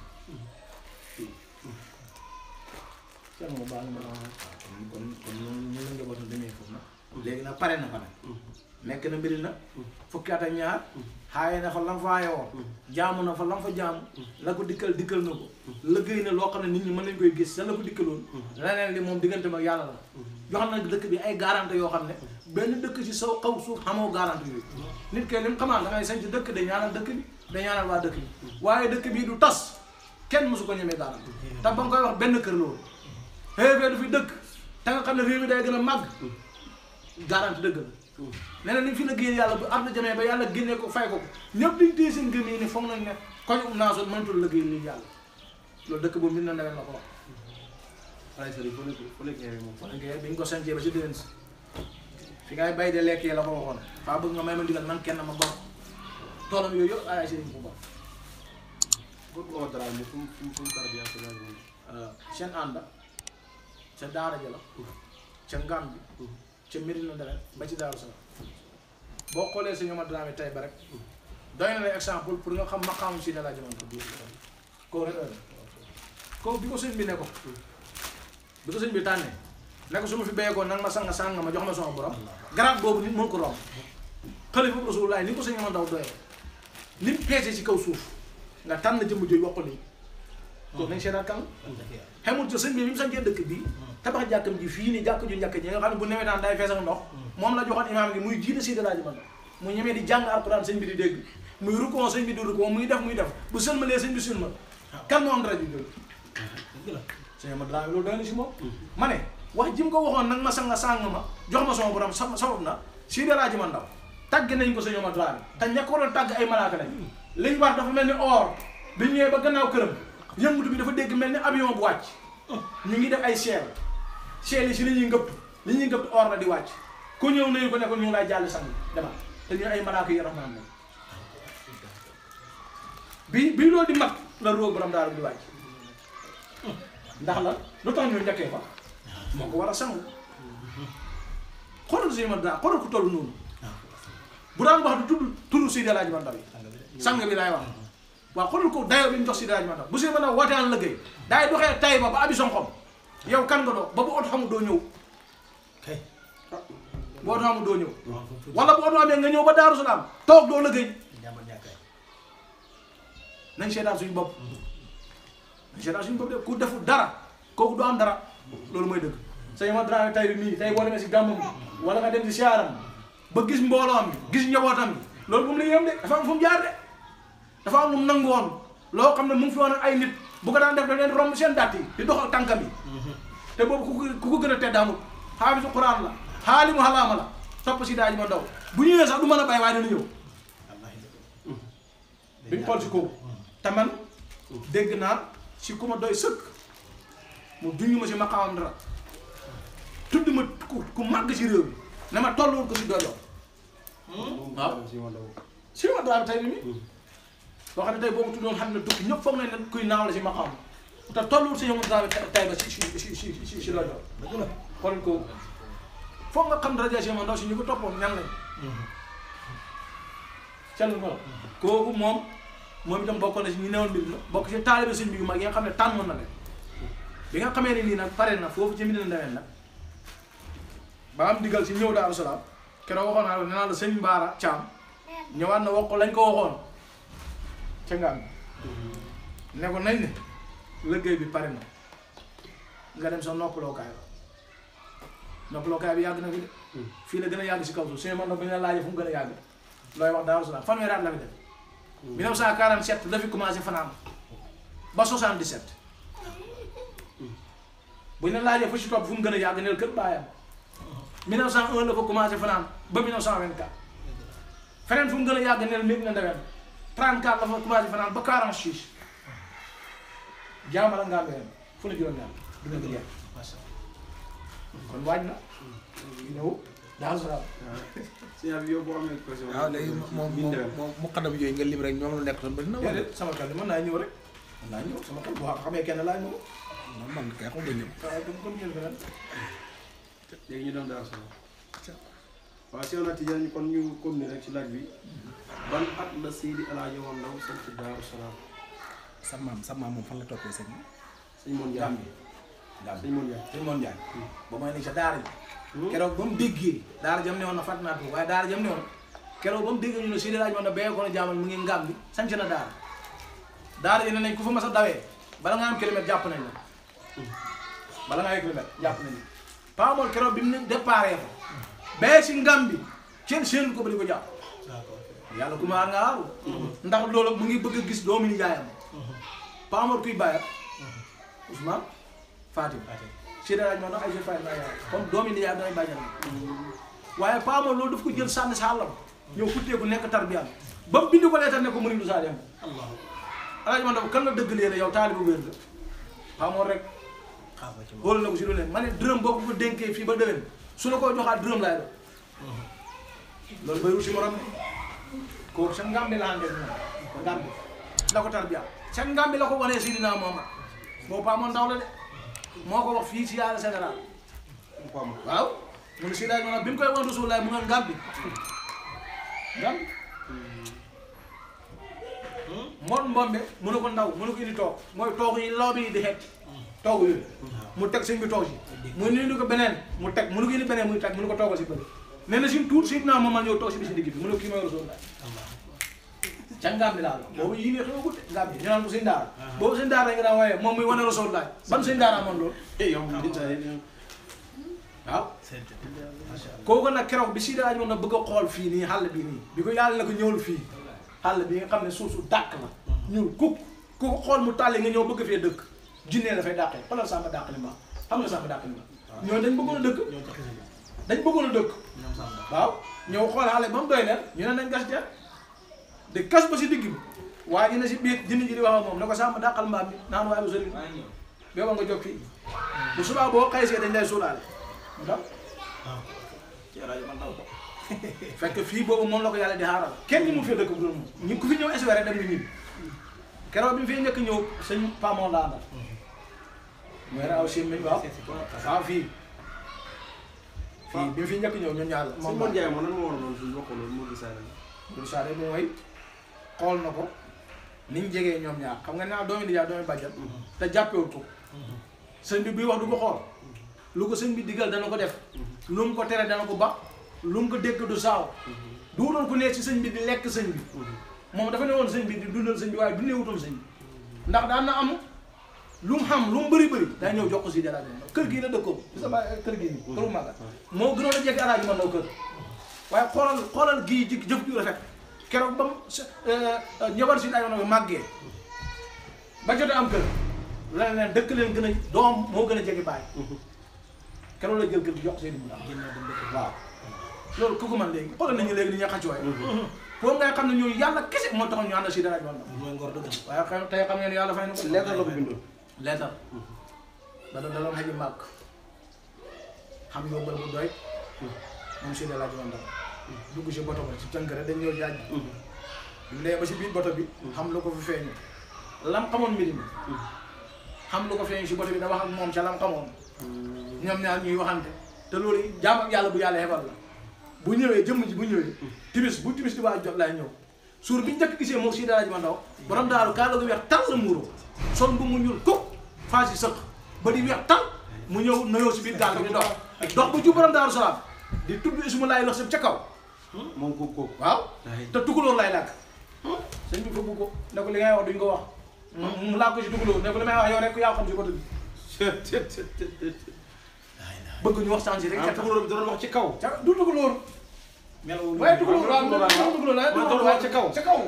Speaker 1: kenn mu baax na kon kon ñu la njabootam demee foofu léegi nag pare na fa nag mm-hmm. nekk na mbiri na mm-hmm. fukki at ak ñaar mm-hmm. xaaye na fa lam fa ayoo jaamu na fa lam fa jaamu la ko dikkal dikkal na ko lëggéey na loo xam ne nit ñi mën nañ koy gis sa la ko dikkaloon leneen li moom diggante mag yàlla la jox na dëkk bi ay garante yoo xam ne benn dëkk ci saw xaw suuf xamoo garanti yooyu nit kay lim xamaan da ngay dëkk day ñaanal dëkk bi day ñaanal waa dëkk bi waaye dëkk bii du tas kenn mosu ko ñemee garanti te ba nga koy wax benn kër loolu xëy fi dëkk te nga xam ne réew mi day gën a màgg dëgg la nee na ni fi la génn yàlla bu am na jamee ba yàlla génnee ko fay ko ko ñëpp liñ téye seen yi ni foog nañ ne koñu um naasoon mënatul liggéey nii yàlla loolu dëkk boobu mbir na nawet la ko wax. ko foo bi ñu ko sancee ba ci déwén si. ci ngay bay de lekk la ko waxoon faa bëgg nga may ma ndigal man kenn ma bor toolam yooyu yëpp ay sëriñ ko bor bëgg oo dara mu fu mu fu mu tarbiya ko daal seen ànd ca daara ja la ca ngam bi ca Medina Dara ba ci Daaru Salaam boo xoolee sa ñooma Dramé tey ba rek doy na la exemple pour nga xam maqaamu si dalaa jamono ko koo rek koo bi ko sëñ bi ne ko bi ko sëñ bi tànnee nek ko fi béyekoon nag ma sang sang ma jox ma sama borom garaat bobu nit moko rom romb rasulullah ni ko sëñ ma ndaw doyoo lim ci kaw suuf nga tan na jëm wax waxu ni kon nañ seetaat kan xamul ci sëñ bi mu sangé dëkk bi tabax jakam ji fi ni jakk ju ñak ji nga xam bu newé newetaan day fees ak ndox mom la joxon imam gi muy jiite ci dalaa ji man mu ñëmé di jang alquran sëñ bi di dégg muy rukkoo sëñ bi di rukkoo muy def muy def bu lé sëñ bi ma kan mo am dara ju jël ma dara loolu doy na si wax jim ko waxon nak ma sanga sang ma jox ma sama borom sabab na si de laaji man daw tag nañ ko sa ñoom ta ñako ron tag ay malaka lañ liñ war dafa melni or bi ñewé ba gannaaw kërëm yëngutu bi dafa dégg melni avion bu wacc ñu ngi def ay ciel ciel ci liñ li ngëpp liñ ngëpp or la di wacc ku ñew nañu ko ne ñu lay jall sang dama te ñu ay malaka yi rahman na bi bi lo di mag la ro borom daal di wacc ndax la lu tax ñu njëkkee ba moko wara sangu xoolal si ma daa xoolal ku toll noonu bu daan wax du tuddu tunu sey dalaaj ma ndaw yi sang bi lay wax wa xoolal ko dayo bi ndox sey si dalaaj ma bu sey mana a waatee an lëggéey daay doxee tay ba ba abi son xom yow kan nga do ba bu otamu do ñew ñëw bu ot xamul doo wala bo do amee nga ñew ba daaru salaam toog doo lëggéey nañ seetaan suñu bop nañ seetaan suñu bop de ku defu dara koku do am dara loolu mooy dëgg sëñ ma Dramé tey bi nii tey boo demee si gàmmam wala nga dem si siyaaram ba gis mbooloom bi gis njabootam bi loolu bu mu liggéeyam de dafa am fu mu jaar de dafa am lu mu nangu woon loo xam ne mu ngi fi woon ak ay nit bu ko daan def da leen romb seen dàtt yi di doxal tànkam yi ku ko gën a tedd amul xaamisu Quraan la xalaama la topp si daaji ma daw bu ñëwee sax du mën a bay waaye dana ñëw biñu xool si kooku te dégg naa si ku ma doy sëkk moom duñu ma si ma xamam dara tudd ma ku ku màgg si réew mi na ma tolluwul ko si doyoo. waaw si ma daal tey hmm. boo xam xam ne dugg ñëpp foog nañ ne kuy naaw la si ma xam te tolluwul si yow daal tey ba si si si si si la doon. xool ko foog nga xam rajo si ma ndaw si ñu ko toppoon ñan lañ. seetlu nga ko kooku moom moom itam bokkoon na si ñu newoon mbir la bokk si taalibe sëñ bi yu mag yi nga xam ne tànn na leen. bi nga xamee ne nii nag pare na foofu ci Medina Ndaween nag ba am digal si ñëw Daaru Salaam keroog waxoon naa la nee naa la sëñ Mbaara Thiam ñëwaat na wax lañ ko waxoon ca nga ne ko nañ ne liggéey bi pare na nga dem sa noppalookaay la noppalookaay bi yàgg na fi de fii la gën a yàgg si kaw suuf suñu man na bu ñu la laajee fu mu gën a yàgg looy wax Daaru Salaam fanweeri at la fi def 1947 mm. la fi commencé fanaan ba 77 bu ñu la laajee fu ci topp fu mu gën a yàgg neel kër baayam 1901 la ko commencé fanaan ba 1924 feneen fu mu gën a yàgg neel néeg na ndeween 34 la fa commencé fanaan ba 46 jaamala ngaa mel fu la juróom ñaar dina ko yàgg kon waaj na ñëw sa si abi yow boo amee question waaw ah, léegi moom moom muqaddam yooyu nga lim rek ñoom la nekk toon ba dina sama xel mën naa ñëw rek mën naa ñëw sama xel boo xamee kenn laaj moom man man kay xaw ma ñëw. waaw comme comme kenn daal. léegi ñu doon daal solo. waaw si wàllu tijaan kon ñu continuer rek ci laaj bi. ban at la Seydi El Hadji Omar Ndao sant Daaru Salaam. sa maam sa maam moom fan la toppee sëñ bi. sëñ Moon Njaay daal sëñ Moon Njaay sëñ Moon Njaay. ba mooy ni sa daara ji. keroog ba mu déggee. daara jam ne woon na fàttali naa waaye daara jam ne woon keroog ba mu déggee ñu ne Seydi El Hadji Omar Ndao bàyyi ko na jaamal mu ngi ngam bi sanc na daara daara ji ne nañ ku fa mas a dawee bala nga am kilomètre jàpp nañ la bala ngaa yegg lu mel jàpp nañu Paa Mor keroog bi mu ne départ bee si ngam bi seen ko ba di ko jàpp. yàlla ku nga aaru mm-hmm. ndax loolu mu ngi bëgg a gis doomu nijaayam. Mm-hmm. Paa Mor kuy bàyyam. Mm-hmm. Ousmane Fatim. si dara ñoo nag ay jeunes Fatim bàyyam comme doomu nijaayam danañ bàyyam. waaye Paa Mor loolu sa àllam. nekk tarbiyaam ba kan la dëggalee ne yow taalibu wér la Paa rek. wóolu na ko si lu ne ma dërëm boo ko fii ba déwén su la ko joxaat dërëm laay doon loolu bay wut si morom kooku sa ngam bi la àndee moom bi la ko tarbiya sa ngam bi la ko wanee Sidina Muhammad boobu paa moom ndaw la de moo ko wax fii si yàlla général waaw mu ne Sidina bi mu koy wan Rasulullah mu ne ngam bi ngam hmm? moon mbombe mu ne ko ndaw mu ne ko indi toog mooy toog yi loo bi di xeet toogu yooyu mu teg sëñ bi toog si mu ni ko beneen mu teg mënu ko indi beneen muy teg mënu ko toogal si bële nee na suñ tuut suñ naa moomal ñëw toog si bi si digg bi mu ne ca ngaam bi laa la boobu yii ne xew gudde ngaam bi ñu naan ko sëñ daara boobu sëñ daara nga daan waaye moom muy wane rasul laaj ban sëñ daara amoon loolu eh, waaw kooku nag keroog bi si daaj moom na bëgg a xool fii nii xàll bii nii bi ko yàlla na ko ñëwul fii xàll bi nga xam ne suuf su dàkk la ñuul kuk ku ko xool mu tàlli nga ñëw bëgg dëkk junnee dafay dàqale xoolal sàmm dàqale ma xam nga sàmm dàqale ma. waaw ñoo dañ bëggoon dëkk. dañ bëggoon a dëkk. waaw ñëw xool xale ba mu doy leen ñu ne nañ gas jar di kas ba si digg bi waaye dina si biir jënd ji di wax ak moom ne ko sàmm dàqal mbaam bi naan waaye bu sori bi ba nga jóg fii bu subaa boo xaysee dañ lay suulaale mu daw ci rajo man daw ko [LAUGHS] fekk fii boobu moom la ko yàlla di xaaral kenn ñu mu fee dëkk bu dul moom ñu ko fi ñëw espérer dem nga ñibbi keroog bi mu ñëw sëñ Pamon laa Meyra aw Chine waaw waaw ah, fii. fii bi fi njëkk ñëw ñun ñaar la. moom Ndiaye moom lan moo waroon suñu bokkul woon Modou Sarr. Modou mooy xool na ko ñu jegee ñoom ñaar xam nga naa doomi nijaay doomi bàjjan mhm. te jàppewut ko. Mhm. sëñ bi buy wax du ko xool. Mhm. lu ko sëñ bi digal dana ko def. lu mu ko tere dana ko ba lu mu ko dégg du saaw. du wutoon ku ne ci sëñ bi di lekk sëñ bi. moom dafa ne woon sëñ bi di dundal sëñ bi waaye dundee wutoon sëñ bi ndax daan na am. lu mu xam lu mu bëri bëri daa ñëw jox ko si Alaaji Mandaw kër gii la dëkkoon nii moo gënoon a jege Alaaji Mandaw waaye xoolal xoolal gii ji jëf ju rafet keroog ba mu ñëwal euh, euh, si Alaaji Mandaw màggee ba jotee am kër la leen dëkk gën a doom gën a jege bàyyi keroog la jël kër gi jox seen i mu am génne dem dëkk waaw mm-hmm. xam ne ñooy yàlla kese moo taxoon ñu ànd si Alaaji Mandaw mooy ngor dëgg waaye xam ngeen yàlla fay na ko leetal la leetar dana danoon xëy màkk xam yóbbal bu doy moom si de laaj man dara dugg si boto ci tënk rek dañ ñëw jaaj lee ba si biir bi xam lu ko fi feeñu lam xamoon mbir xam lu ko feeñu si boto bi da wax moom ca lam xamoon ñoom ñaar ñuy waxante te loolu jaam yàlla bu yàlla xebal la bu ñëwee jëmm ji bu ñëwee timis bu timis di waaj lay ñëw suur bi njëkk gisee moom si de laaj man daw borom daaru kaa la ko tal la muuru sol bu mu ñuul kukk fas yi sëq ba di weex tal mu ñëw nuyoo si biir gaal bi di dox dox ba ci borom daaru salaam di tudd ismu laay lax sëb ca kaw moom ko kooku waaw te lay làkk sëñ bi fëgg ko ko li ngay wax ko wax mu laa ko si tukulóor ne ko li may wax yow rek yaa xam si ñu wax changé rek ca tukulóor bi doon wax ci kaw ca kaw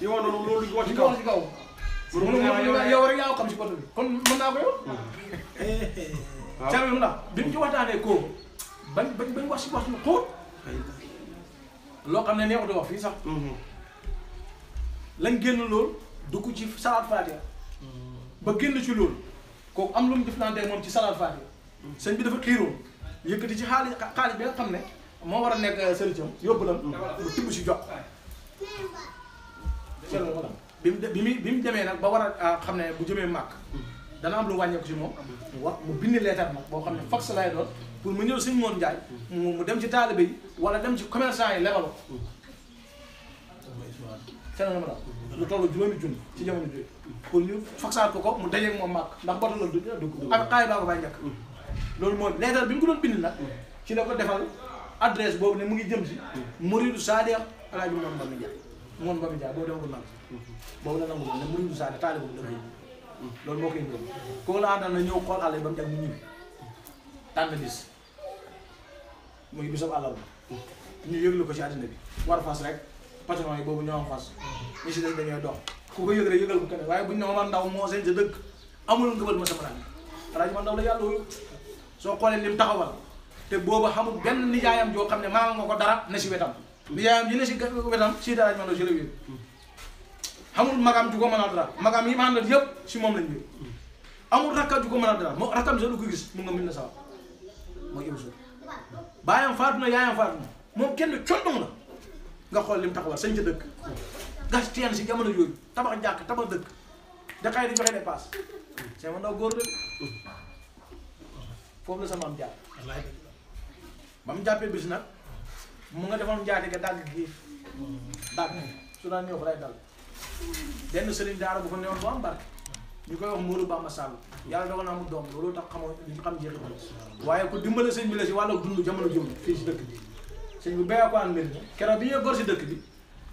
Speaker 1: yi woon noonu loolu duñ ko wax ci kaw pour mën naa yow rek yaa xam si côté bi kon mën naa ko yow. waaw caa mën naa bi ñu ci koo bañ bañ bañ wax si wax lu xóot. xam ne neexut fii sax. lañ génn lool dugg ci ba génn ci loolu kooku am lu mu jëflante moom ci salaat faatiha sëñ bi dafa xiiroo yëkkati ci xaalis xaalis bi nga xam ne moo war a nekk euh, sëriñam yóbbu la tibb si jox. bi mu bi mu bi mu demee nag ba war a ah, xam ne bu jëmee màkk mm. dana am lu wàññeeku ci moom mu mm. wax mu bind leetar nag boo xam ne mm. fax lay doon pour mu ñëw sëñ Moon Njaay mu mu dem ci taalibe yi wala dem ci commerçant yi lebal ko senama la lu toll juróomi junni ci jamono jooju pour ñu faxaat ko ko mu dajeeg moom màkk ndax bota loolu du dugg ak xaayi baa ko bàyyi njëkk loolu mooy leetar bi mu ko doon bind nag ci la ko defal adresse boobu ne mu ngi jëm si muridu saadiq alaaji moon ba mu njaay moon ba mu njaay boobu dema ko boobu na nangu woon ne mënuñu saa di taalibu bu dëgg loolu moo la na ñëw xool àll yi ba mu bis muy bisam àllal ñu yëglu ko ci àddina bi war fas rek patron yi boobu ñoo am fas ñu si des dañooy dox ku ko yëg rek yëgal ko kenn waaye buñ ne ma ndaw moo seen sa dëkk amul nga bëgg ma sama rang rajo ma ndaw la lim taxawal te boobu xamul benn nijaayam joo xam ne nga ko dara si wetam nijaayam ji wetam dara amul magam juga mana dara magam yi ma àndal yëpp si moom lañ amul rakka juga mana dara moo rakkam sax du ko gis mun nga mën na saw mooy Ibou iya, Sow baayam faatu na yaayam faatu na moom kenn condong la nga xool lim taxawal sañ ca dëkk gas teen si jamono yooyu tabax jàkk tabax dëkk da xay di joxe dépasse c'est man ndaw góor la foofu la sama am jàpp ba mu jàppee bis nag mu nga defoon jaati ga dàgg gi dàgg su daan ñëw dal benn sëriñ daara bu fa newoon bu am barke ñu koy wax Mourou Bamba Sall yàlla dogal na amul doom loolu tax xamoo li ñu xam njeexital waaye ku dimbale sëñ bi la jamono jëm fii si dëkk bi sëñ bi béyee ko an mbir mi keroog bi ñuy gor si dëkk bi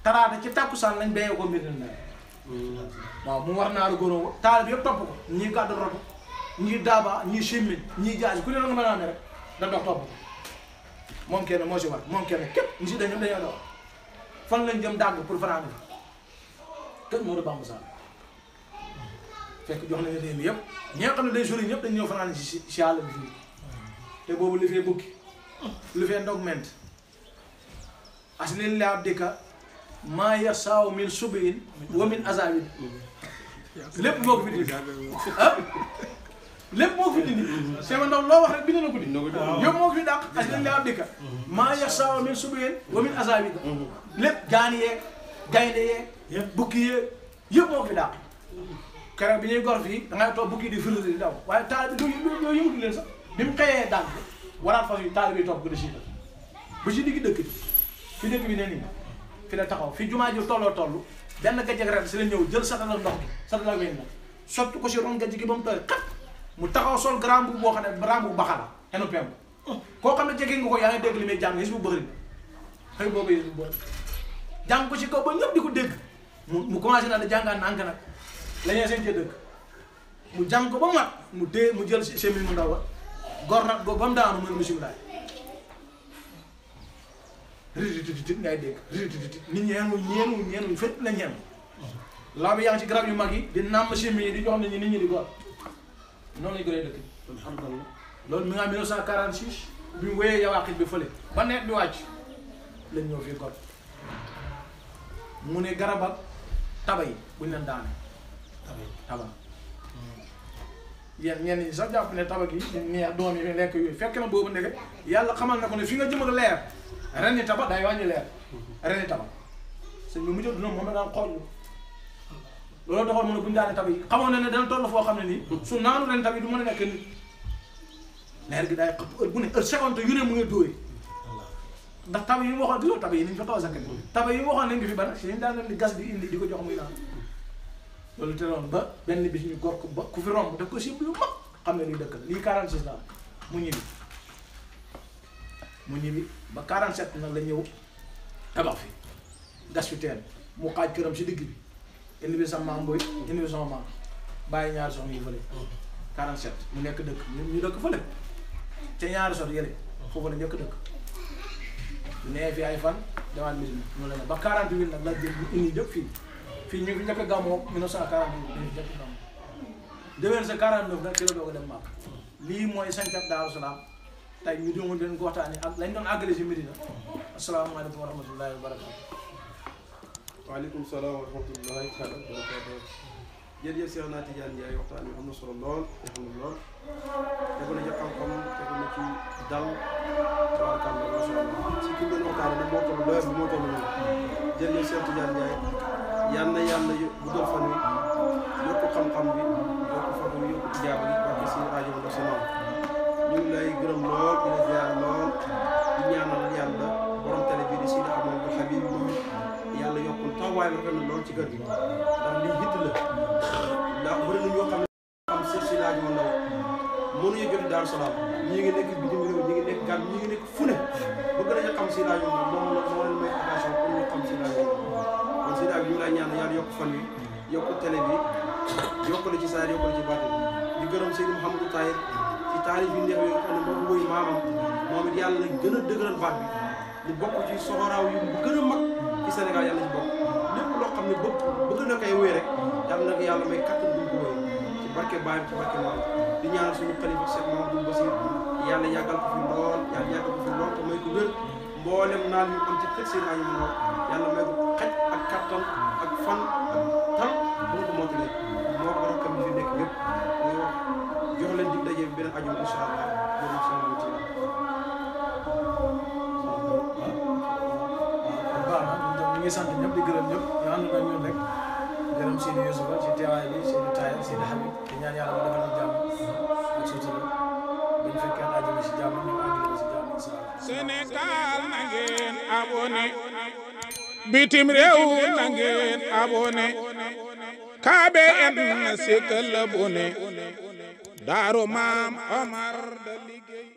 Speaker 1: talaata ci tàkkusaan lañ béyee ko mbir na waaw mu wax naaru góoroo taal bi yëpp topp ko ñii gàddu roto ñii daaba ñii chimine ñii ku ne la nga mën a amee rek da dox moom kenn moo si war moom kenn képp ñu si dañu dañoo dox fon lañ jëm dàgg pour fanaan kan moo di Bamba Sall fekk jox nañu réew mi yëpp ñi nga xam ne day sori ñëpp dañ ñëw fanaan si si àll bi fii te boobu li fee bukki li fee ndog ment as leen laa dëkka maa ya saaw min subiin wa min azabin lépp moo ko fi dindi ah lépp moo ko fi dindi seema ndaw loo wax rek bind na ko di yëpp moo ko fi dàq as leen laa dëkka maa ya saaw min subiin wa min azabin lépp gaani yeeg gaynde yeeg bukki yeeg yëpp moo fi daaw keroog bi ñuy gor fii da ngay toog bukki di firnde di daw waaye taal bi doo yëngu leen sax bi mu xëyee dànk waraat fas yi taal bi topp gën a siital ba si digg dëkk bi fi dëkk bi ne nii fi la taxaw fi jumaa ji tolloo toll benn gajjeg ren si la ñëw jël satalal ndox bi satalal weñ la sotti ko si ron gajj gi ba mu tooy xat mu taxaw sol grand bu boo xam grand bu baxa la enu pemb oh. koo nga ko yaa ngi dégg li muy jàng bu bëri xëy boobu yéen bu bëri jang ko ci ko ba ñepp diko deg mu commencé na jangan nang nak lañu seen ci deug mu jang ko ba mat mu dé mu jël chemin mu ndaw gor nak go bam daanu mo musim lay ridididid ngay deg ridididid nit ñeenu ñeenu ñeenu fepp la la bi yang ci grab yu magi di nam chemin di jox nit ñi ñi di gor non lay gore deuk alhamdullilah lool mi nga 1946 bi mu wéyé yawaqit bi fele ba net bi wacc lañ ñoo fi gor mu ne garab ak taba yi buñ leen daane taba yenn ñenn ñi sax jàpp ne taba gi neex doom yi lekk yooyu fekk na boobu ndeke yàlla xamal na ko ne fi nga jëm leer ren yi taba day wàññi leer ren yi taba sëñ bi mu jël dina moom la daan xool loolu taxoon mu ne buñ daane taba yi xamoon na ne dana toll foo xam ne nii su naanu ren taba yi du mën a nekk nit leer gi day xëpp heure bu ne heure seconde yu ne mu ngi dóoree ndax tab yi mu waxoon loolu tab yi niñ fa taw zakat tab yi mu waxoon nañ ko fi ba nag yéen daan di gas di indi di ko jox muy naan loolu te noonu ba benn bis ñu gor ko ba ku fi romb da ko simb yu mag xam ne lii dëkk la lii 46 la mu ñibi mu ñibi ba 47 nag la ñëw tabax fi gas fi teen mu xaaj këram si digg bi indi bi sa maam boy indi bi sama maam bàyyi ñaari soxna yi fële 47 mu nekk dëkk ñu dëkk fële ca ñaari soxna yële foofu la njëkk dëkk nee fi ay fan demaat Médina noonu la ba 48 nag la jël ñu indi yëpp fii fii ñu ngi njëkk a gàmmoo 1948 dañuy njëkk a gàmmoo déwén sa 49 nag ci la doog dem Màkka lii mooy santab Daaru Salaam tey ñu doon leen ko waxtaanee ak lañ doon àggale si Médina asalaamaaleykum wa rahmatullahi wa barakatu waaleykum salaam wa rahmatullahi wa
Speaker 2: barakatu jërëjëf Cheikh Naa Tidiane Ndiaye waxtaan bi am na solo lool alhamdulilah tegu na ci xam-xam tegu na ci dal tabarkalla macha allah si ki ngeen
Speaker 1: waxtaane nag moo toll lool bi moo toll noonu jërëjëf Cheikh Tidiane Ndiaye yal na yàlla guddal fan wi yokk xam-xam bi yokk fan wi yokk jaab bi parce que si rajo bi dafa noonu ñu ngi lay gërëm lool la ziar lool di ñaanal yàlla borom télé bi di Sidi Amadou Habib moom yàlla yokkul taxawaay ci kër gi la ndax bëri na ñoo xam Daaru Salaam ñi ngi nekk bitim réew ñi ngi nekk gan ñi ngi nekk fu ne bëgg nañu xam si laa yoon moom la ci saar yokk la ci baat di gërëm Seydi Mouhamadou Tahir bi neex yoo xam ne moom mooy maamam moom it yàlla nañ gën a dëgëral baat bi ñu bokk ci soxoraaw yu gën a mag ci Sénégal yàlla nañ bokk lépp loo xam ne bëgg bëgg na koy wéy rek yàlla na ko yàlla may kattan bu ko wéy barke baayam ci barke maam di ñaanal suñu xalifa Cheikh Mamadou Bassir yàlla yàggal ko fi lool yàlla yàggal ko fi lool te may ko wér mboolem naan ñu am ci kër seen añu lool yàlla may ko xaj ak kattan ak fan ak tal bu ko motalee moo ko rakkam yi fi nekk yëpp muy wax jox leen di daje beneen aju incha allah borom sama ci waaw waaw waaw ñu ngi sant ñoom Sidi Youssoufa ci teewaay bi Sidi Tahir Sidi Habib di ñaan yàlla mu defal ñu jàmm ak sutura bu ñu fekkee àjjana bi si jàmm ñu àggale ko si jàmm incha allah. Sénégal na ngeen abonné bitim réew na ngeen abonné KBN na sikkal abonné Daaru Maam
Speaker 3: Omar da liggéey